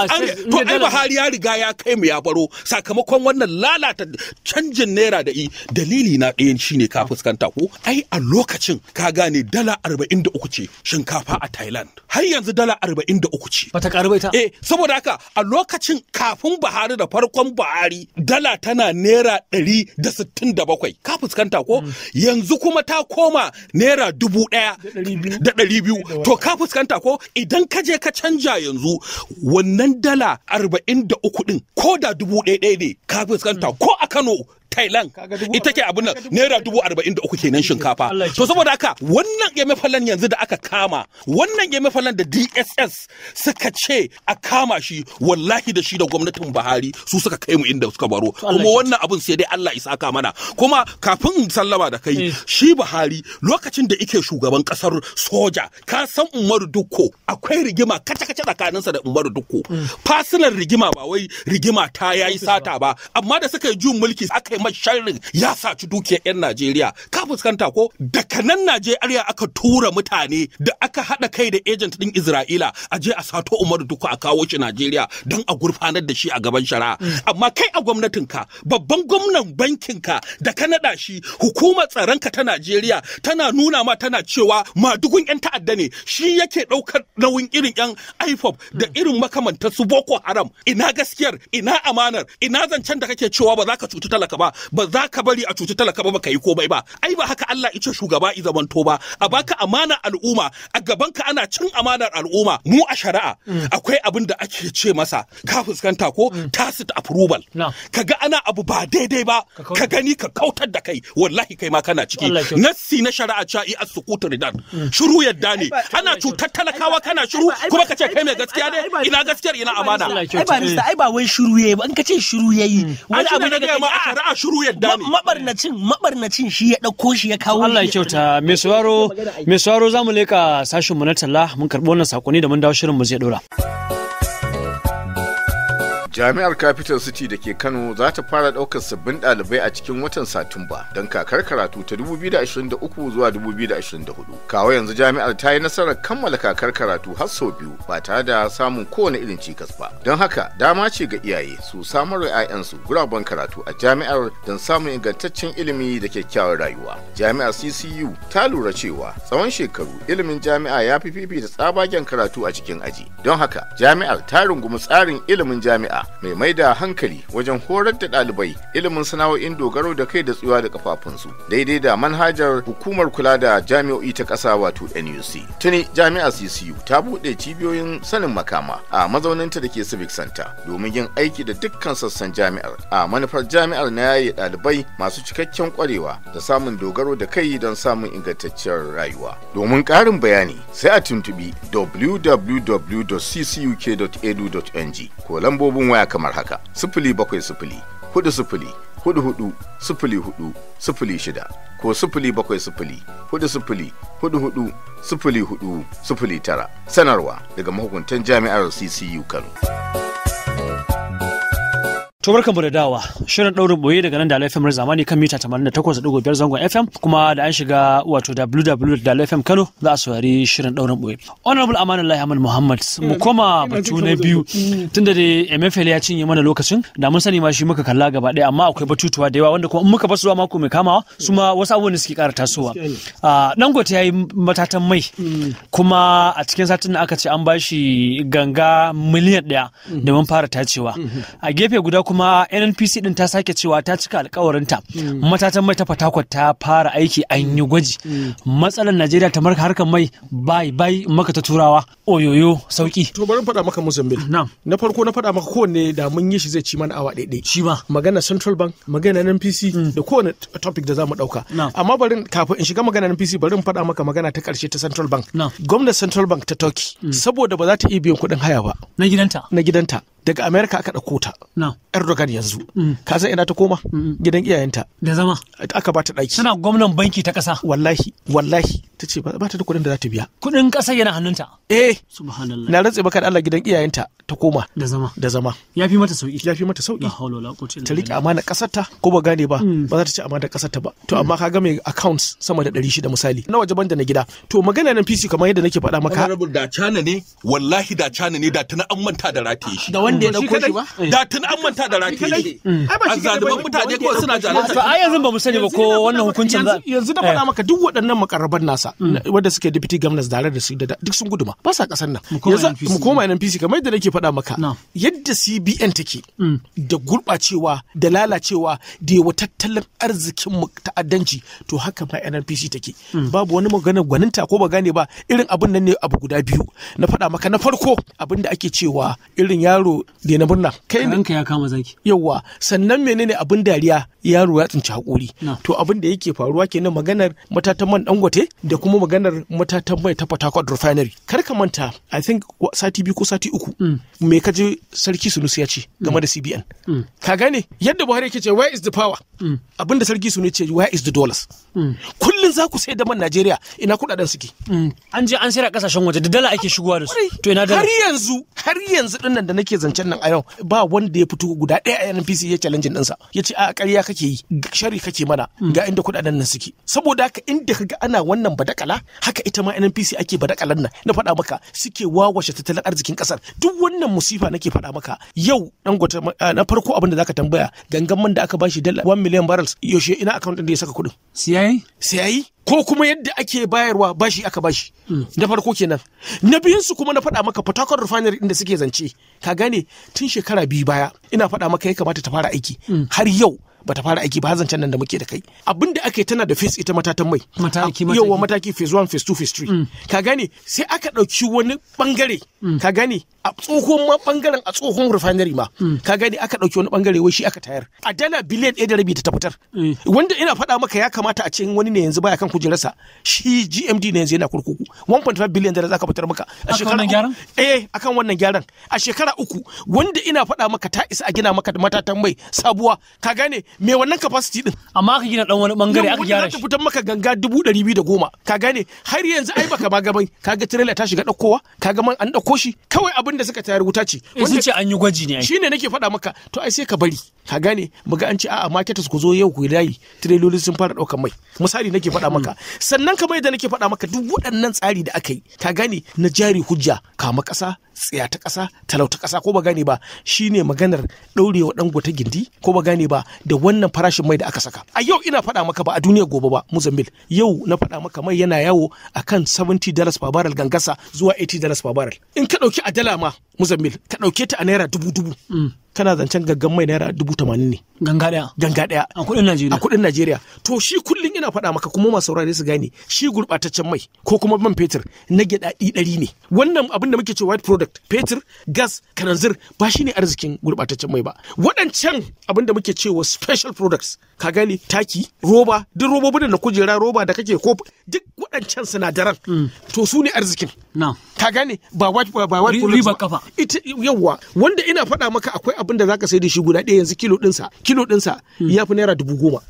to ai Buhari ya riga ya kai mu ya baro sakamakon wannan lalata canjin naira da i dalili na ɗayan shine ka fuskanta ko ai a lokacin ka gane dala arba'in da uku ce shinkafa a Thailand har yanzu dala arba'in da uku ce. Bata ta. Eh saboda haka a lokacin kafin Buhari da farkon Buhari dala tana naira ɗari da sittin da bakwai ka fuskanta ko mm. yanzu kuma ta koma naira dubu ɗaya da ɗari biyu to ka fuskanta ko idan ka je ka canja yanzu wannan dala arba'in da uku ɗin ko da dubu ɗaya ɗaya ne ka fuskanta ko a Kano Thailand ita ke abin nan naira dubu arba'in da uku kenan shinkafa to saboda haka wannan yame falan yanzu da aka kama wannan yame falan da DSS suka ce a kama shi wallahi da shi da gwamnatin Buhari su suka kai mu inda suka baro kuma wannan abin sai dai Allah isa ka mana kuma kafin in sallama da kai eh. shi Buhari lokacin da yake shugaban kasar soja ka san Umaru Dukko akwai rigima kace-kace tsakaninsa da Umaru Dukko fasilar mm. rigima ba wai rigima ta yayi sata ba amma da suka yi jun mulki aka yaɗe ya saci dukiyar 'yan Najeriya ka fuskanta ko daga nan Najeriya aka tura mutane da aka haɗa kai da agent ɗin Isra'ila a je a sato Umaru Duku a kawo shi Najeriya don a gurfanar da shi a gaban shara. Mm. amma kai a gwamnatin ka babban gwamnan bankin ka da ka naɗa shi hukumar tsaronka ta Najeriya tana nuna ma tana cewa madugun 'yan ta'adda ne shi yake ɗaukar nauyin irin 'yan IFOP da mm. irin makamantar su Boko Haram ina gaskiyar ina amanar ina zancen da kake cewa ba za ka cuci talaka ba ba ba za ka bari a cuci talaka ba baka yi komai ba ai ba haka Allah ya ce shugaba i zamanto ba a baka amana al'umma a gaban ka ana cin amanar al'umma mu a shari'a akwai abin da ake ce masa ka fuskanta ko tacit approval kaga ana abu ba daidai ba ka gani ka kautar da kai wallahi kai ma kana ciki nassi na shari'a cha i as ridan shiru yadda ne ana cutar talakawa kana shiru kuma ka ce kai mai gaskiya ne ina gaskiyar ina amana ai ba mista ai ba wai shiru yayi ba in ka ce shiru yayi wani abu ne ga a shari'a shiru yadda ne mabarnacin mabarnacin shi ya dauko shi ya kawo Allah ya kyauta me suwaro me suwaro zamu leka sashin mu na talla mun karbo wannan sakoni da mun dawo shirin mu zai dora jami'ar capital city da ke kano za ta fara ɗaukar sabbin ɗalibai a cikin watan satumba don kakar karatu ta 2023 zuwa 2024 kawo yanzu jami'ar ta yi nasarar kammala kakar karatu har sau biyu ba tare da samun kowane irin cikas ba don haka dama ce ga iyaye su samar da 'ya'yansu guraben karatu a jami'ar don samun ingantaccen ilimi da kyakkyawar rayuwa jami'ar ccu ta lura cewa tsawon shekaru ilimin jami'a ya fi fifita tsabagen karatu a cikin aji don haka jami'ar ta rungumi tsarin ilimin jami'a mai mai da hankali wajen horar da ɗalibai ilimin sana'o'in dogaro da kai da tsuwa da kafafunsu daidai da manhajar hukumar kula da jami'o'i ta ƙasa wato NUC. Tuni jami'ar CCU ta buɗe cibiyoyin sanin makama a mazauninta da ke Civic Center domin yin aiki da dukkan sassan jami'ar a manufar jami'ar na yaye ɗalibai masu cikakken kwarewa da samun dogaro da kai don samun ingantacciyar rayuwa. Domin ƙarin bayani sai a tuntubi www.ccuk.edu.ng ko lambobin waya kamar haka sufuli bakwai sufuli hudu sufuli hudu hudu sufuli hudu sufuli shida ko sufuli bakwai sufuli hudu sufuli hudu hudu sufuli hudu sufuli tara sanarwa daga mahukuntan jami'ar ccu kano To mu da dawa. Shirin ɗaurin boye daga nan da FM na zamani kan mita 88.5 zangon FM kuma da an shiga wato www.dalafm Kano za a saurari shirin daurin boye Honorable Amanullahi Ahmad Muhammad mu eh, koma batu na biyu mm. tunda da MFL ya cinye mana lokacin da mun sani ma shi muka kalla gaba ɗaya amma akwai batutuwa da yawa wanda kuma in muka basu mako mai kamawa su ma wasu abubuwan da suke ƙara tasowa. Ah, Dangote ya yi matatan mai mm. kuma a cikin satin da aka ce an bashi ganga miliyan ɗaya mun mm-hmm. fara tacewa. Mm-hmm. A gefe guda kuma kuma nnpc din ta sake cewa ta cika alkawarinta mm. matatan mai ta fatakwat ta fara aiki an yi gwaji mm. Mm. matsalar najeriya ta marka harkar mai bai bai maka ta turawa oyoyo sauki to bari faɗa maka mozambique na farko na faɗa maka kowanne da mun yi shi zai ci mana awa ɗaiɗai shi ma magana central bank magana nnpc da kowane topic da za mu ɗauka amma bari kafin in shiga magana nnpc bari in faɗa maka magana ta ƙarshe ta central bank gwamnatin central bank ta turkey saboda ba za ta iya biyan kuɗin haya ba na gidanta na gidanta daga amerika aka ɗauko ta erdogan yanzu mm. ka san ina ta koma gidan iyayenta da zama aka bata ɗaki tana gwamnan banki ta ƙasa wallahi wallahi ta ce ba ta da kuɗin da za ta biya kuɗin ƙasa yana hannunta eh subhanallah na rantse baka da Allah gidan iyayenta ta koma da zama da zama ya fi mata sauki ya fi mata sauki ta riƙe amana ta. ko ba gane ba mm. ba za ta ci amana ta ba to mm. amma ka ga mai accounts sama da ɗari shida misali na waje banda da na gida to magana nan PC kamar yadda nake faɗa maka da cana ne wallahi da cana ne da tana an manta da rataye shi da wani an daina ko shi ba eh. da tun an manta da rake a zaluban mutane ko suna jalanta to ai yanzu ba mu sani ba ko wannan hukuncin za yanzu da eh. faɗa maka duk waɗannan makarraban nasa mm. wanda suke deputy governors da da su da duk sun guduma ba sa kasar nan mu koma pc kamar yadda nake faɗa maka yadda CBN take mm. da gurɓacewa da lalacewa da yawa tattalin arzikin mu ta'addanci to haka ma NPC take mm. babu wani magana gwaninta ko ba gane ba irin abin nan ne abu guda biyu na faɗa maka na farko abin da ake cewa irin yaro daina murna kai ne ya kama zaki yawa sannan menene abin dariya yaro ya tsinci hakuri to abin da yake faruwa kenan maganar matatan man dangote da kuma maganar matatan mai ta Port refinery kar ka manta i think sati biyu ko sati uku mm. me ka je sarki sunusi ya ce game mm. da CBN mm. ka gane yadda Buhari yake ce where is the power abin da sarki sunusi ce where is the dollars Mm. kullum za ku sai da man Najeriya ina kuɗaɗen suke mm. an je an sayar kasashen waje da dala ake shigowa da su to ina dala har yanzu har yanzu dinnan da nake zancen nan a yau ba wanda ya fito guda ɗaya a NPC ya challenge ɗinsa ya ce a ƙarya kake yi shari kake mana mm. ga inda kudaden nan suke saboda haka inda kaga ana wannan badakala haka ita ma NPC ake badakalan nan na faɗa maka suke wawashe tattalin arzikin ƙasar duk wannan musifa nake faɗa maka yau dan gwata eh, na farko abin da zaka tambaya gangan man da aka bashi dala 1 million barrels yaushe ina account din da ya saka kuɗin yayi eh? sai yayi ko kuma yadda ake bayarwa bashi aka bashi hmm. Na farko kenan na biyun su kuma na faɗa maka fatakon refinery inda suke zance ka gane tun shekara biyu baya ina faɗa maka ya kamata ta fara aiki hmm. har yau bata fara aiki ba zancen nan da muke da kai abin da ake tana da phase ita matatan mai mataki ah, mataki yawa mataki phase 1 phase 2 phase 3 mm. ka gani sai aka dauki wani bangare mm. ka gani a tsohon ma bangaren a tsohon refinery ma mm. ka gani aka dauki wani bangare wai shi aka tayar a dala biliyan ɗaya da rabi ta fitar eh. wanda ina faɗa maka ya kamata a ce wani ne yanzu baya kan kujerarsa shi GMD ne yanzu yana kurkuku 1.5 biliyan da ka fitar maka a shekara eh akan wannan gyaran a shekara uku wanda ina faɗa maka ta isa a gina maka matatan mai sabuwa ka gane me wannan capacity din amma aka gina dan wani bangare aka gyara shi fitan maka ganga dubu ɗari da goma ka gane har yanzu ai baka ma ka kaga trailer ta shiga ɗaukowa kaga man an ɗauko shi kawai abin da suka tayar wuta ce eh, sun ce an yi gwaji ne shine nake faɗa maka to ai sai ka bari ka gane muga an ce a'a marketers ku zo yau ku layi trailolin sun fara daukar mai misali nake faɗa maka sannan kamar yadda nake faɗa maka duk waɗannan tsari da aka yi ka gane na jari hujja kama ƙasa tsaya ta ƙasa talauta ƙasa ko ba gane ba shine maganar ɗaurewa ɗan ta gindi ko ba gane ba da wannan farashin mai da aka saka a yau ina faɗa maka ba a duniya gobe ba muzambil yau na faɗa maka mai yana yawo akan 70 dollars per barrel gangasa zuwa 80 dollars per barrel in ka ɗauki a dala ma muzammil ka ɗauke ta a naira dubu dubu mm. kana zancen gaggan mai naira dubu tamanin ne ganga ɗaya ganga ɗaya a kuɗin najeriya a kuɗin najeriya to shi kullum ina faɗa maka kuma masu saurare su gane shi gurɓataccen mai ko kuma man fetur na gyaɗa ɗari ne wannan abin da muke ce white product fetur gas kananzir ba shi ne arzikin gurɓataccen mai ba waɗancan abin da muke cewa special products ka gani taki roba duk robobin da na kujera roba da kake ko duk waɗancan sinadaran to su ne arzikin ka gane ba white ba white bullet riba kafa ita yawa wanda ina faɗa maka akwai abin da zaka sai da shi guda ɗaya yanzu kilo ɗinsa kilo ɗinsa hmm. ya fi naira dubu goma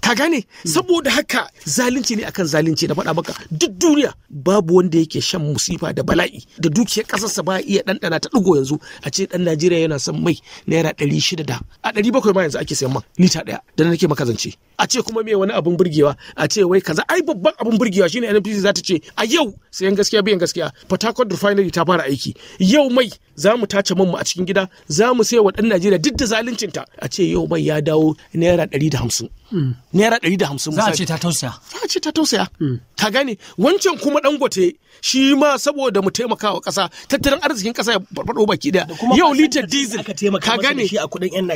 ka gane hmm. saboda haka zalunci ne akan zalunci da faɗa maka duk duniya babu wanda yake shan musifa da bala'i da dukiyar kasarsa ba iya ɗanɗana ta ɗigo yanzu a ce ɗan Najeriya yana son mai naira ɗari shida da a ɗari bakwai ma yanzu ake sayan man lita ɗaya da nake maka zance a ce kuma me wani abin burgewa a ce wai kaza ai babban abin burgewa shine NPC za ta ce a yau sayan gas gaskiya biyan gaskiya Port refinery ta fara aiki yau mai za mu tace man mu a cikin gida za mu sai wa ɗan Najeriya duk da zaluncinta a ce yau mai ya dawo naira 150. naira ɗari da hamsin. Za a ce ta tausaya. Za a ce ta tausaya. Hmm. Ka gane wancan kuma dangote shi ma saboda mu taimaka wa ƙasa tattalin arzikin ƙasa ya barbaɗo baki ɗaya. Yau litar diesel ka gane.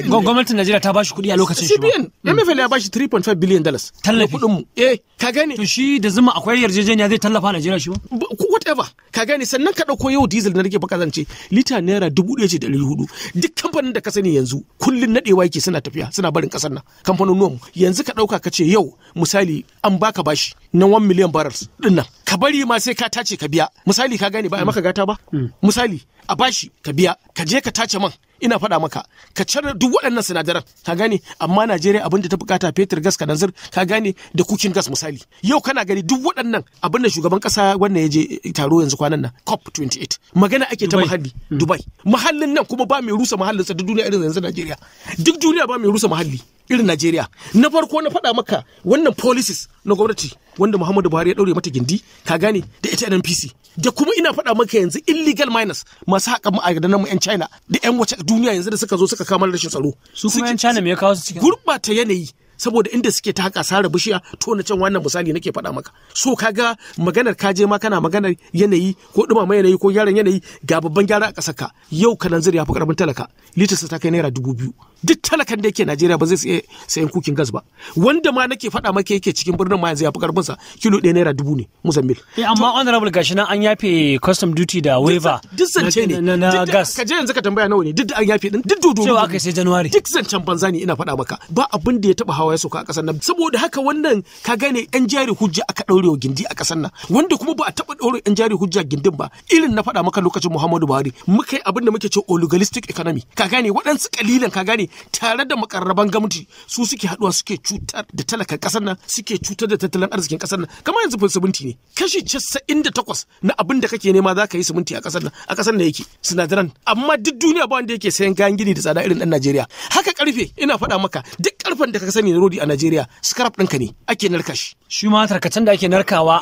Gwamnatin Najeriya ta bashi kuɗi a lokacin shi ba. CBN MFL hmm. ya bashi 3.5 billion dollars. Tallafi. Kuɗin mu. Eh ka gane. To shi da zuma akwai yarjejeniya zai tallafa Najeriya shi ba. Whatever ka gane sannan ka ɗauko yau diesel na rage baka zance lita naira dubu ɗaya ce ɗari hudu duk kamfanin da ka sani yanzu kullum naɗewa yake suna tafiya suna barin ƙasar nan kamfanin nuwan yanzu ka ɗauka ka ce yau misali an baka bashi na 1 million barrels din nan ka bari ma sai ka tace ka biya misali ka gane ba a maka gata ba hmm. misali a bashi ka biya ka je ka tace man ina faɗa maka ka cire duk waɗannan sinadaran ka gane amma Najeriya abin da ta bukata fetur gas kadanzir ka gane da kukin gas misali yau kana gani duk waɗannan abin da shugaban kasa wannan ya je taro yanzu kwanan nan COP 28 magana ake ta muhalli hmm. Dubai mahallin nan kuma ba mai rusa mahallin sa duk duniya irin yanzu Najeriya duk duniya ba mai rusa muhalli irin Najeriya na farko na faɗa maka wannan policies na gwamnati wanda Muhammadu Buhari ya ɗaure mata gindi ka gane da ita NPC da kuma ina faɗa maka yanzu illegal miners masu haƙa ma'adanan mu yan China da yan wace duniya yanzu da suka zo suka kama rashin tsaro su kuma yan China me ya kawo su cikin gurbata yanayi saboda inda suke ta haƙa sare bishiya to na can wannan misali nake faɗa maka so ka ga maganar kaje ma kana maganar yanayi ko ɗumama yanayi ko gyaran yanayi ga babban gyara a ƙasar ka yau kananzir ya fi karamin talaka litinsa ta kai naira dubu biyu duk talakan da yake Najeriya ba zai iya sayan kukin gas ba wanda ma nake faɗa maka yake cikin birnin ma yanzu ya fi karfin sa kilo ɗaya naira dubu ne musambil eh amma honorable gashi nan an yafe custom duty da waiver duk zance ne na gas ka je yanzu ka tambaya nawa ne duk an yafe din duk dodo cewa aka sai January duk zancen banza ne ina faɗa maka ba abin da ya taba hawa ya soka a ƙasar nan saboda haka wannan ka gane ɗan jari hujja aka ɗaurewa gindi a ƙasar nan wanda kuma ba a taba ɗaure ɗan jari hujja gindin ba irin na faɗa maka lokacin Muhammadu Buhari muka yi abin da muke ce oligolistic economy ka gane waɗansu kalilan ka gane tare da makarraban gwamnati su suke haduwa suke cutar da talakan kasar nan suke cutar da tattalin arzikin kasar nan kamar yanzu siminti ne kashi 98 na abin da kake nema za ka yi siminti a kasar nan a kasar nan yake sinadaran amma duk duniya ba wanda yake sayan kayan gini da tsada irin dan Najeriya haka karfe ina faɗa maka duk karfen da ka sani na rodi a Najeriya scrap ɗinka ne ake narka shi shi ma tarkacen da ake narkawa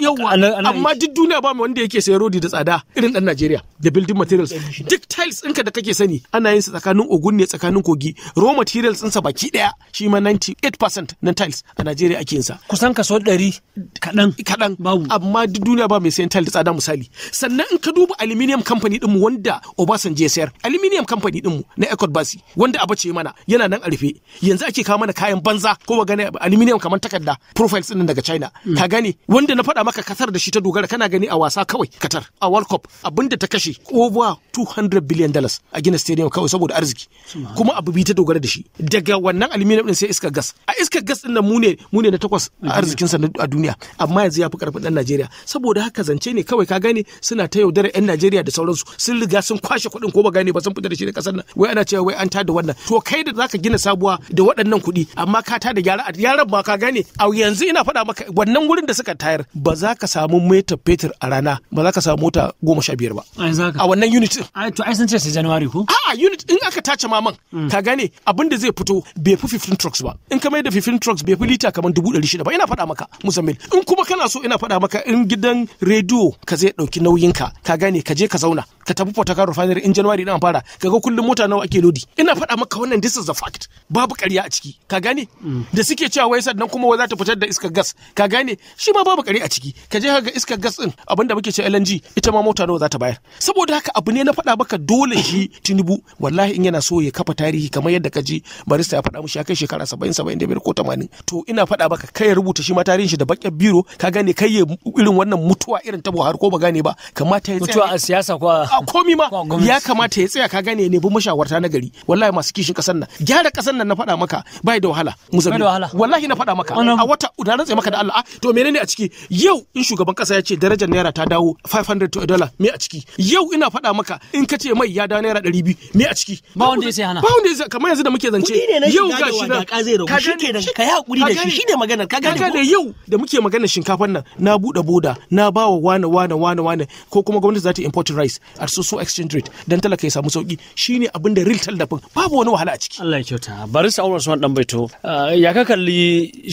amma duk duniya ba wanda yake sayan rodi da tsada irin dan Najeriya da building materials duk tiles ɗinka da kake sani ana yin su tsakanin ogun ne tsakanin kogi raw materials ɗinsa baki ɗaya shi ma 98% na tiles a Najeriya ake yinsa. Kusan kaso ɗari kaɗan. Kaɗan. Babu. Amma duk duniya ba mai sayan tile da tsada misali. Sannan in ka duba aluminium company ɗinmu wanda Obasanjo ya sayar. Aluminium company mu na Ecot Basi wanda ce mana yana nan a rufe. Yanzu ake kawo mana kayan banza ko ba gane aluminium kamar takarda profiles ɗin daga China. Mm. Ka gane wanda na faɗa maka kasar da shi ta dogara kana gani a wasa kawai katar a World Cup abinda ta kashe over 200 billion dollars a gina stadium kawai saboda arziki. Kuma abu bi ta dogara dogara da shi daga wannan aluminium din sai iskar gas a iskar gas din nan mu ne mu ne na takwas a arzikin sa a duniya amma yanzu ya fi karfin dan Najeriya saboda haka zance ne kawai ka gane suna ta yaudarar yan Najeriya da sauransu sun riga sun kwashe kuɗin ko ba gane ba sun fita da shi da kasar nan wai ana cewa wai an tada wannan to kai da zaka gina sabuwa da waɗannan kuɗi amma ka tada gyara a yaran ba ka gane a yanzu ina faɗa maka wannan wurin da suka tayar ba za ka samu meta fetur a rana ba za ka samu mota goma sha biyar ba a wannan unit to ai sun ce sai January ko a unit in aka tace maman mm. ka gane abin da zai fito bai fi 15 trucks ba in ka mai da 15 trucks bai fi lita kamar 600 ba ina faɗa maka musamman in kuma kana so ina faɗa maka in gidan rediyo ka zai ɗauki nauyinka ka gane ka je ka zauna ka tafi Port Harcourt refinery in January na fara kaga kullum mota nawa ake lodi ina faɗa maka wannan this is the fact babu ƙarya a ciki ka gane da suke cewa wai sannan kuma za ta fitar da iskar gas ka gane shi ma babu ƙarya a ciki ka je ga iskar gas din abinda muke cewa LNG ita ma mota nawa za ta bayar saboda haka abu ne na faɗa maka dole shi Tinubu wallahi in yana so ya kafa tarihi kamar yadda ka ji barista ya faɗa mushi ya kai shekara 70 75 ko 80 to ina faɗa maka kai ya rubuta shi ma tarihin shi da bakin biro ka gane kai irin wannan mutuwa irin ta Buhari ko ba gane ba kamata ya mutuwa a siyasa ko ba komi ma ya kamata ya tsaya ka gane ne bi mashawarta na gari wallahi masu kishin kasan nan gyara kasan nan na faɗa maka bai da wahala muzabi wallahi na faɗa maka a wata na rantsa maka da Allah ah, to menene a ciki yau in shugaban kasa ya ce darajar naira ta dawo 500 dollar me a ciki yau ina faɗa maka in ka ce mai ya dawo naira 200 me a ciki ba wanda ya sai hana ba wanda ya kamar yanzu da muke zance yau ga shi na ka gane ka yi hakuri da shi shine magana ka gane ka yau da muke magana shinkafan nan na bude boda na bawa wane wane wane wane ko kuma gwamnati za ta import rice a asusu exchange rate dan talaka ya samu sauki shine abin da real tallafin babu wani wahala a ciki Allah ya kyauta bari sa aure dan baito eh, ya ka kalli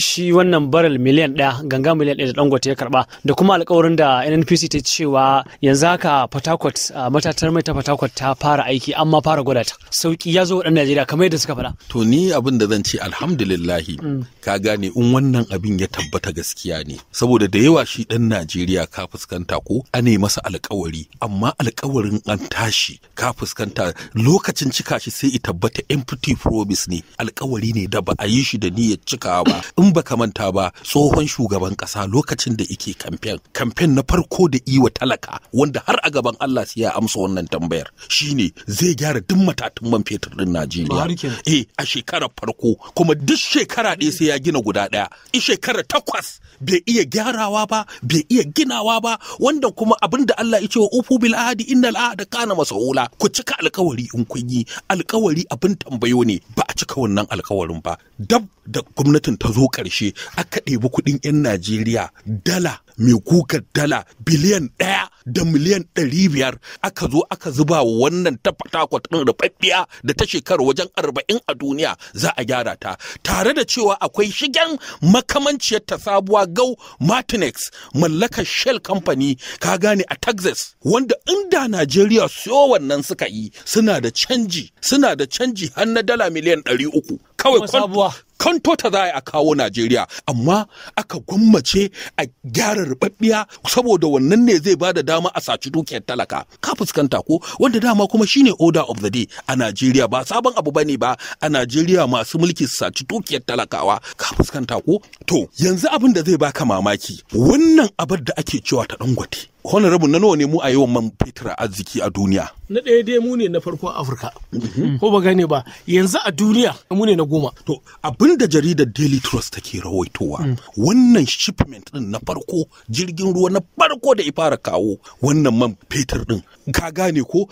shi wannan barrel miliyan 1 ganga miliyan 1 da Dangote ya karba da kuma alƙawarin da NNPC ta cewa yanzu haka Port Harcourt eh, matatar mai ta Port ta fara aiki amma fara gwada ta sauki ya zo wa dan Najeriya kamar yadda suka faɗa to ni abin da zan ce alhamdulillah mm. ka gane in wannan abin ya tabbata gaskiya ne saboda da yawa shi dan Najeriya ka fuskanta ko a ne masa alƙawari amma alƙawari. wurin an tashi ka fuskanta lokacin cika shi sai i tabbata empty promise ne alkawari ne da ba a yi shi da niyyar cika ba in baka manta ba tsohon shugaban kasa lokacin da ike kamfen kamfen na farko da iwa talaka wanda har a gaban Allah sai ya amsa wannan tambayar shine zai gyara duk matatun man fetur din Najeriya eh a shekarar farko kuma duk shekara ɗaya sai ya gina guda ɗaya i shekara takwas bai iya gyarawa ba bai iya ginawa ba wanda kuma abin da Allah ya ce wa ufu bil ahadi al ahada kana masahula ku cika alkawari in kun yi alkawari abin tambayo ne ba a cika wannan alkawarin ba dab da gwamnatin ta zo ƙarshe, aka ɗebi kuɗin 'yan Najeriya dala mai kukar dala biliyan ɗaya da miliyan ɗari biyar aka zo aka zuba wa wannan ta fatakwat ɗin rufaffiya da ta shekara wajen arba'in a duniya za a gyara ta tare da cewa akwai shigen makamanciyar ta sabuwa gau martinex mallakar shell company ka gane a texas wanda inda najeriya siyo wannan suka yi suna da canji suna da canji har na dala miliyan ɗari uku kanto ta za a kawo Najeriya amma aka gwammace a gyara rubabbiya saboda wannan ne zai ba da dama a saci dukiyar talaka ka fuskanta ko wanda dama kuma shine order of the day a Najeriya ba sabon abu bane ba a Najeriya masu mulki su saci dukiyar talakawa ka fuskanta ko to yanzu abin da zai baka mamaki wannan abin da ake cewa ta dangote honorable na nawa ne mu a yawan man fetur a arziki a duniya na ɗaya dai mu ne na farko afirka ko ba gane ba yanzu a duniya mu ne na goma to abin da jaridar daily trust take rawaitowa wannan shipment din na farko jirgin ruwa na farko da ya fara kawo wannan man fetur din ka gane ko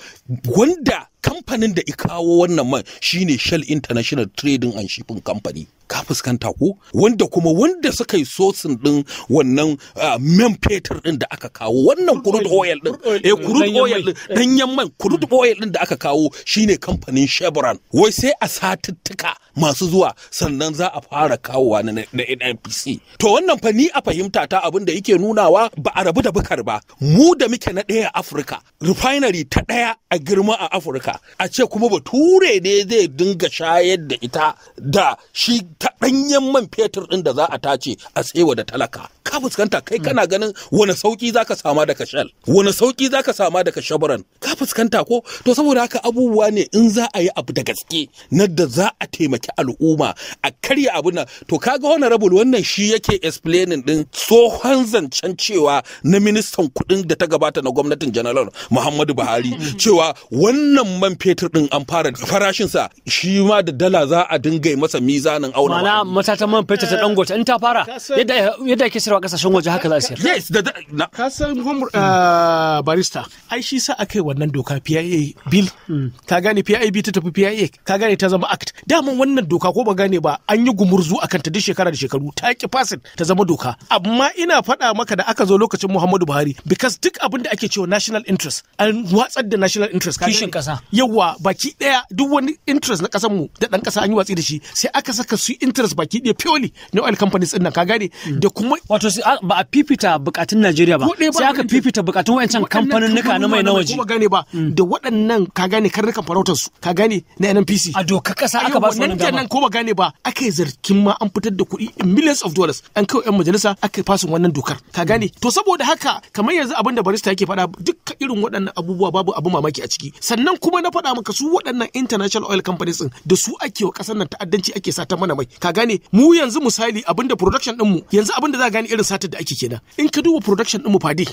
wanda kamfanin da ikawo wannan man shine Shell International Trading and Shipping Company ka fuskanta ko wanda kuma wanda suka yi sosin din wannan ah, man fetur din da aka kawo wannan crude oil din eh crude oil eh, din danyen man crude mm. oil din da aka kawo shine kamfanin Chevron wai sai a satuttuka masu zuwa sannan za a fara kawowa na NNPC to wannan fa ni a fahimta ta abin da yake nunawa ba a rabu da bukar ba mu da muke na ɗaya Afirka refinery ta ɗaya a girma a Afirka a ce kuma bature ne zai dinga shayar da ita da shi ta ɗanyen man fetur ɗin da za a tace a tsewa da talaka ka fuskanta kai kana ganin wani sauki zaka sama daga shal wani sauki zaka sama daga shabaran ka fuskanta ko to saboda haka abubuwa ne in za a yi abu da gaske na da za a taimaki al'umma a karya abu na to kaga rabul wannan shi yake explaining din tsohon zancen cewa na ministan kuɗin da ta gabata na gwamnatin general muhammadu buhari cewa wannan man fetur din an fara farashinsa shi ma da dala za a dinga masa mizanin auna ma'ana matatan man fetur ta dangote in ta fara eh, yadda yadda sayarwa kasashen waje haka za a sayar yes da ka san uh, barista ai shi sa akai wannan doka PIA bill hmm. ka gane PIB ta tafi PIA ka gane ta zama act daman wannan doka ko ba gane ba an yi gumurzu akan ta duk shekara da shekaru ta ki fasin ta zama doka amma ina faɗa maka da aka zo lokacin Muhammadu Buhari because duk abin da ake cewa national interest an watsar da national interest kishin kasa Yawwa baki daya duk wani interest na kasar mu da dan kasa an yi watsi da shi sai aka saka su interest baki daya purely na oil companies ɗin nan ka gane hmm. da kuma wato ah, ba a fifita bukatun Najeriya ba sai aka fifita bukatun wayancan nuka na mai na waje gane ba mm. da waɗannan ka gane karnukan farautar su ka gane na NPC a doka kasa aka ba su wannan dama nan ko ba gane ba aka yi zargin ma an fitar da kuɗi millions of dollars an kai yan majalisa aka fasa wannan dokar ka gane to saboda haka kamar yanzu abin da barista yake faɗa duk irin waɗannan abubuwa babu abu mamaki a ciki sannan kuma na faɗa maka su waɗannan international oil companies din da su ake wa ƙasar nan ta'addanci ake sata mana mai ka gane mu yanzu misali abin da production din mu yanzu abin da za gane irin satar da ake kenan in ka duba production din mu fadi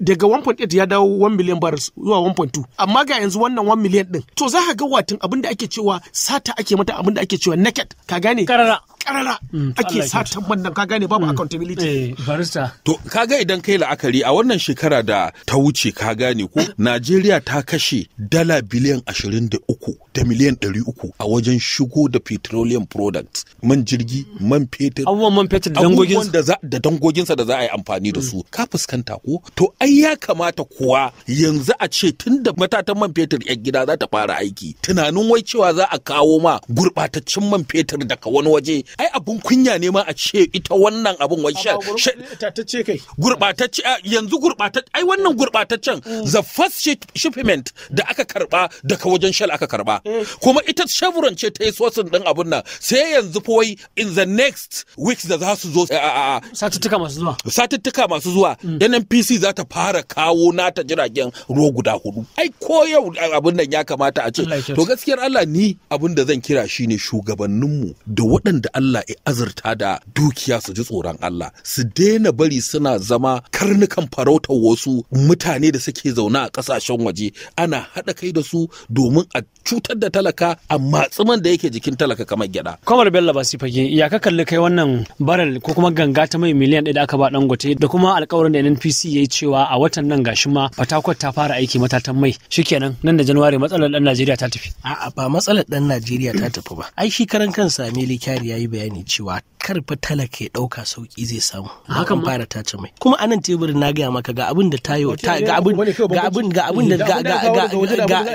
daga 1.8 ya dawo 1 million barrels zuwa 1.2 amma ga yanzu wannan 1 million din to za ka ga watin abin da ake cewa sata ake mata abin da ake cewa naked ka gane karara karara mm, ake satan wannan ka gane babu mm, accountability eh, barista to kaga idan kai la'akari a wannan shekara da ta wuce ka gane ko Najeriya ta kashe dala biliyan 23 da miliyan 300 a wajen shigo da petroleum products man jirgi man fetur abubuwan man fetur da dangogin da dangoginsa da za a yi amfani da mm. su ka fuskanta ko to ai ya kamata kuwa yanzu a ce tun da matatan man fetur yan gida za ta fara aiki tunanin wai cewa za a kawo ma gurbataccen man fetur daga wani waje ai abun kunya ne ma a ce ita wannan abun wai sha tatacce kai gurbatacce yanzu gurbatacce ai wannan gurbataccen mm. the first shipment da aka karba daga wajen shell aka karba eh. kuma ita chevron ce ta yi sosin din abun nan sai yanzu fa wai in the next weeks da za su zo satuttuka masu zuwa satuttuka masu zuwa mm. NNPC za ta fara kawo nata jiragen ruwa guda hudu ai ko yau abun nan ya kamata a ce to gaskiyar Allah ni abun da zan kira shine shugabanninmu da waɗanda Allah Allah ya azurta da dukiya su ji tsoron Allah su daina bari suna zama karnukan farautar wasu mutane da suke zaune a ƙasashen waje ana haɗa kai da su domin a cutar da talaka a matsuman da yake jikin talaka kamar gyada. Kwamar Bello Basi fage ya ka kalli kai wannan barar ko kuma ganga ta mai miliyan ɗaya da aka ba Dangote da kuma alƙawarin da NNPC ya yi cewa a watan nan gashi ma fatakwal ta fara aiki matatan mai shikenan nan da Januwari matsalar ɗan Najeriya ta tafi. A'a ba matsalar ɗan Najeriya ta tafi ba. Ai shi karan kansa Ameli Kyari ya yi bayani cewa karfa talaka ya ɗauka sauki zai samu hakan fara ta mai kuma anan teburin na gaya maka ga abin da tayo ga abin ga abin ga abin da ga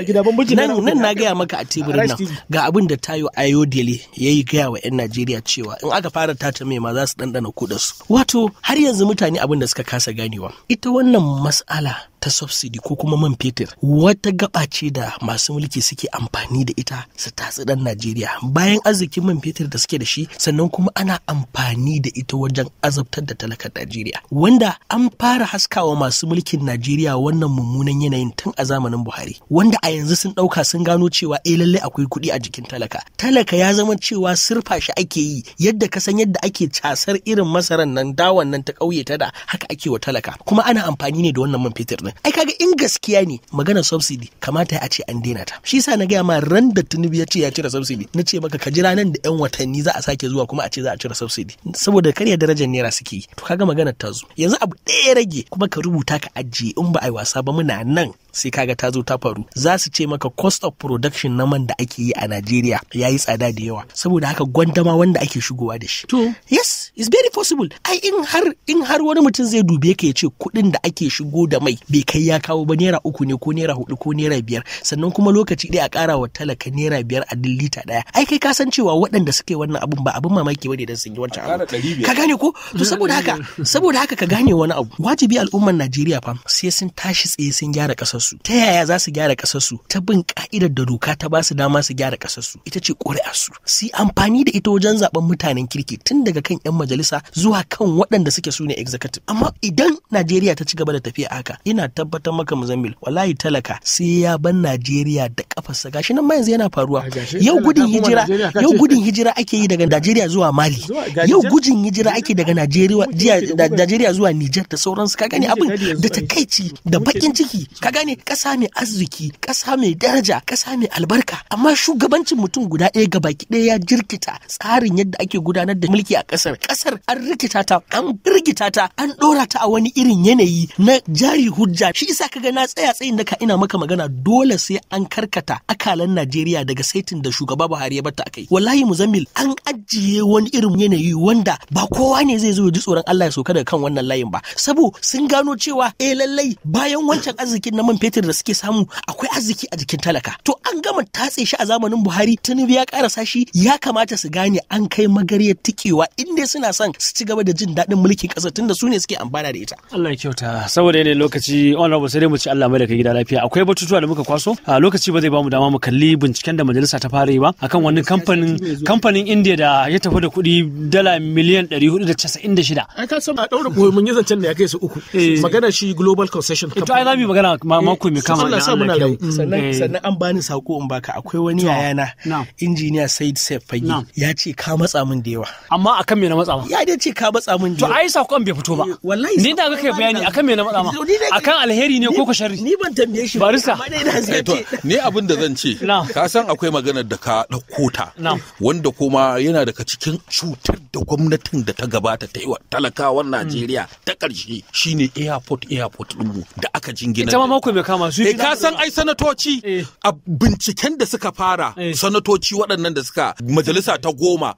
ga nan nan na gaya maka a tebur nan ga abin da tayo ayodele yayi gaya wa yan Najeriya cewa in aka fara ta mai ma za su dandana kudin su wato har yanzu mutane abin da suka kasa ganewa ita wannan mas'ala ta subsidy ko kuma man fetur wata gaba ce da masu mulki suke amfani da ita su tatsi dan Najeriya bayan arzikin man fetur da suke da shi sannan kuma ana amfani da ita wajen azabtar da talakan Najeriya wanda an fara haskawa masu mulkin Najeriya wannan mummunan yanayin tun a zamanin Buhari wanda a yanzu sun dauka sun gano cewa eh lalle akwai kuɗi a jikin talaka talaka ya zama cewa surfa shi ake yi yadda ka san yadda ake casar irin masaran nan dawan nan ta kauye ta da haka ake wa talaka kuma ana amfani ne da wannan man fetur nan ai kaga in gaskiya ne magana subsidy kamata a ce an daina ta shi yasa na gaya ma ran da tunubi ya ce ya cire subsidy na ce maka ka jira nan da yan watanni za a sake zuwa kuma a ce za a cire subsidy saboda karya darajar naira suke yi to kaga maganar ta zo yanzu abu ɗaya ya rage kuma ka rubuta ka ajiye in ba a yi wasa ba muna nan sai kaga ta zo ta faru za su ce maka cost of production na man da ake yi a Najeriya ya yi tsada da yawa saboda haka gwandama wanda ake shigowa da shi to yes it's very possible ai in har in har wani mutum zai dube ka ya ce kuɗin da ake shigo da mai bai kai ya kawo ba naira uku ne ko naira hudu ko naira biyar sannan kuma lokaci ɗaya a ƙara wa talaka naira biyar a duk lita ɗaya ai kai ka san cewa waɗanda suke wannan abun ba abun mamaki bane dan sun yi wancan abu ka gane ko to saboda haka saboda haka ka gane wani abu wajibi al'ummar Najeriya fa sai sun tashi tsaye sun gyara ƙasar kasarsu ta yaya za su gyara kasarsu ta bin ka'idar da doka ta ba su dama su gyara kasarsu ita ce ƙuri'arsu su amfani da ita wajen zaben mutanen kirki tun daga kan 'yan majalisa zuwa kan waɗanda suke su ne executive amma idan najeriya ta ci gaba da tafiya haka ina tabbatar maka muzammil wallahi talaka sai ya ban najeriya da kafarsa gashi nan ma yanzu yana faruwa yau gudun hijira yau gudun hijira ake yi daga najeriya zuwa mali yau gudun hijira ake daga najeriya zuwa nijar da sauransu ka gane abin da takaici da bakin ciki ka gane ne ƙasa mai arziki ƙasa mai daraja ƙasa mai albarka amma shugabancin mutum guda ɗaya ga baki ɗaya ya jirkita tsarin yadda ake gudanar da mulki a ƙasar ƙasar an rikita ta an birgita ta an ɗora ta a wani irin yanayi na jari hujja shi ka ga na tsaya tsayin daka ina maka magana dole sai an karkata akalan Najeriya daga saitin da shugaba Buhari ya batta akai wallahi muzammil an ajiye wani irin yanayi wanda ba kowa ne zai zo ya ji tsoron Allah ya soka daga kan wannan layin ba sabo sun gano cewa eh lallai bayan wancan arzikin na man fetur da suke samu akwai arziki a jikin talaka to an gama tatse shi a zamanin buhari tinubu ya karasa shi ya kamata su gane an kai magariyar tikewa inda suna son su ci gaba da jin daɗin mulkin ƙasar tunda su ne suke amfana da ita Allah ya kyauta saboda yanayin lokaci honorable sai dai mu ci Allah mai da kai gida lafiya akwai batutuwa da muka kwaso a lokaci ba zai bamu dama mu kalli binciken da majalisa ta fara yi ba akan wani kamfanin kamfanin India da ya tafi da kuɗi dala miliyan shida. ai ka san a daura mun yi zancen da ya kai su uku eh. magana shi global concession eh, to ai za mu magana amma kama Allah sa muna mm. sannan eh. sannan an bani sako in baka akwai wani yayana injiniya Said Saif Fagi ya ce ka matsa min da yawa amma akan me na matsa ma ya dai ce ka matsa min da yawa to ai an bai fito ba eh, wallahi ni da kake bayani akan me na matsa ma akan alheri ne ko ko sharri ni ban tambaye shi barista eh, ni abin da zan ce ka san akwai maganar da ka dauko ta wanda kuma yana daga cikin cutar da gwamnatin da ta gabata ta yi wa talakawan Najeriya ta ƙarshe shine airport airport ɗinmu da aka jingina ita ma mako suka kama su eh, ka san ai sanatoci eh. a binciken da suka fara eh. sanatoci waɗannan da suka majalisa ta goma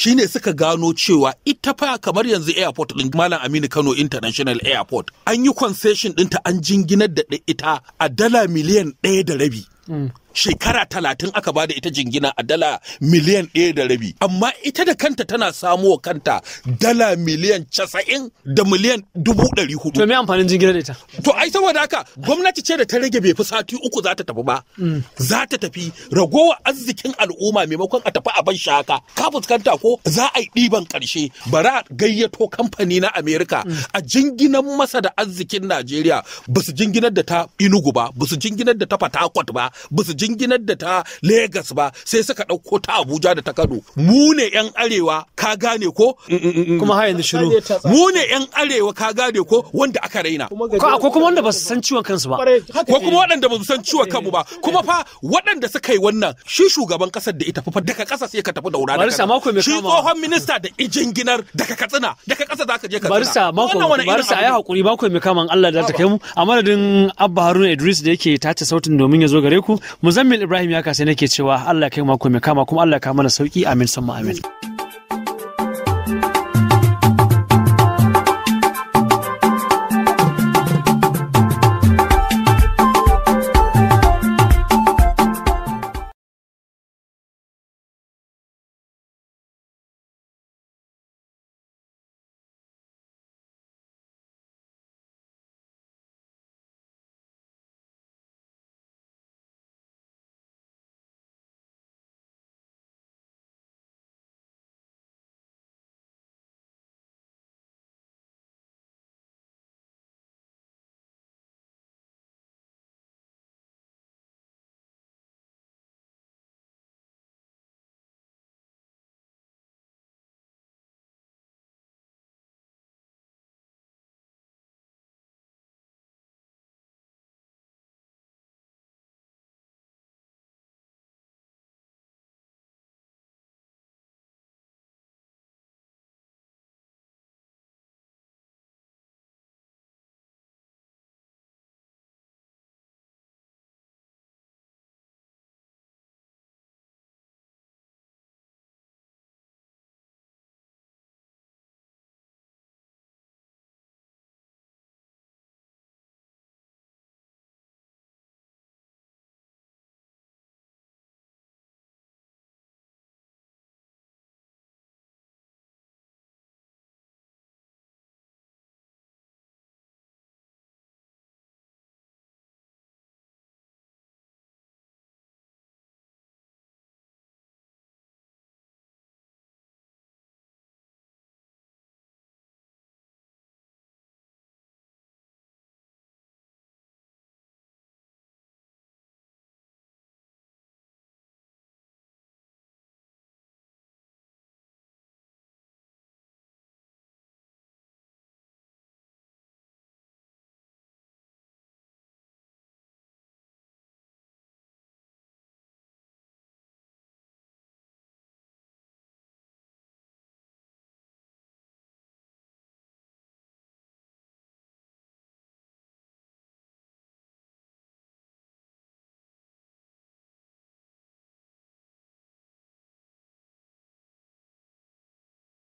shine suka gano cewa ita fa kamar yanzu airport din Malam Aminu Kano International Airport an yi concession ɗinta an jinginar da ita a dala miliyan ɗaya da rabi mm. shekara talatin aka ba da ita jingina a dala miliyan ɗaya da rabi amma ita da kanta tana samo kanta dala miliyan casa'in da miliyan dubu ɗari hudu. To me amfanin jingina da ita? To ai saboda haka gwamnati ce da ta rage bai fi sati uku za ta tafi ba. Mm. Za ta tafi ragowa arzikin al'umma maimakon a tafi a ban shaka. Ka fuskanta ko za a yi ɗiban ƙarshe bara a gayyato kamfani na Amerika mm. a jinginan masa da arzikin Najeriya ba su jinginar da ta Inugu ba ba su jinginar da ta Fatakwat ba ba su jinginar da ta Legas ba sai suka ɗauko ta Abuja da ta Kano mu ne yan arewa ka gane ko mm, mm, mm, kuma har yanzu shiru mu ne yan arewa ka gane ko wanda aka raina ko kuma wanda ba su san ciwon kansu ba ko kuma waɗanda ba su san ciwon kanmu ba kuma fa waɗanda suka yi wannan shi shugaban ƙasar da ita fa daga ƙasa sai ka tafi da mai kama. shi tsohon minista da ijinginar daga Katsina daga ƙasa za ka je Katsina Barisa mako Barisa ayi hakuri mako mai kama Allah da ta kai mu a madadin Abba Haruna Idris da yake tace sautin domin ya zo gare ku mun muzammil ibrahim ya kasa nake cewa allah ya kai mako mai kama kuma allah ya kama mana sauki amin summa amin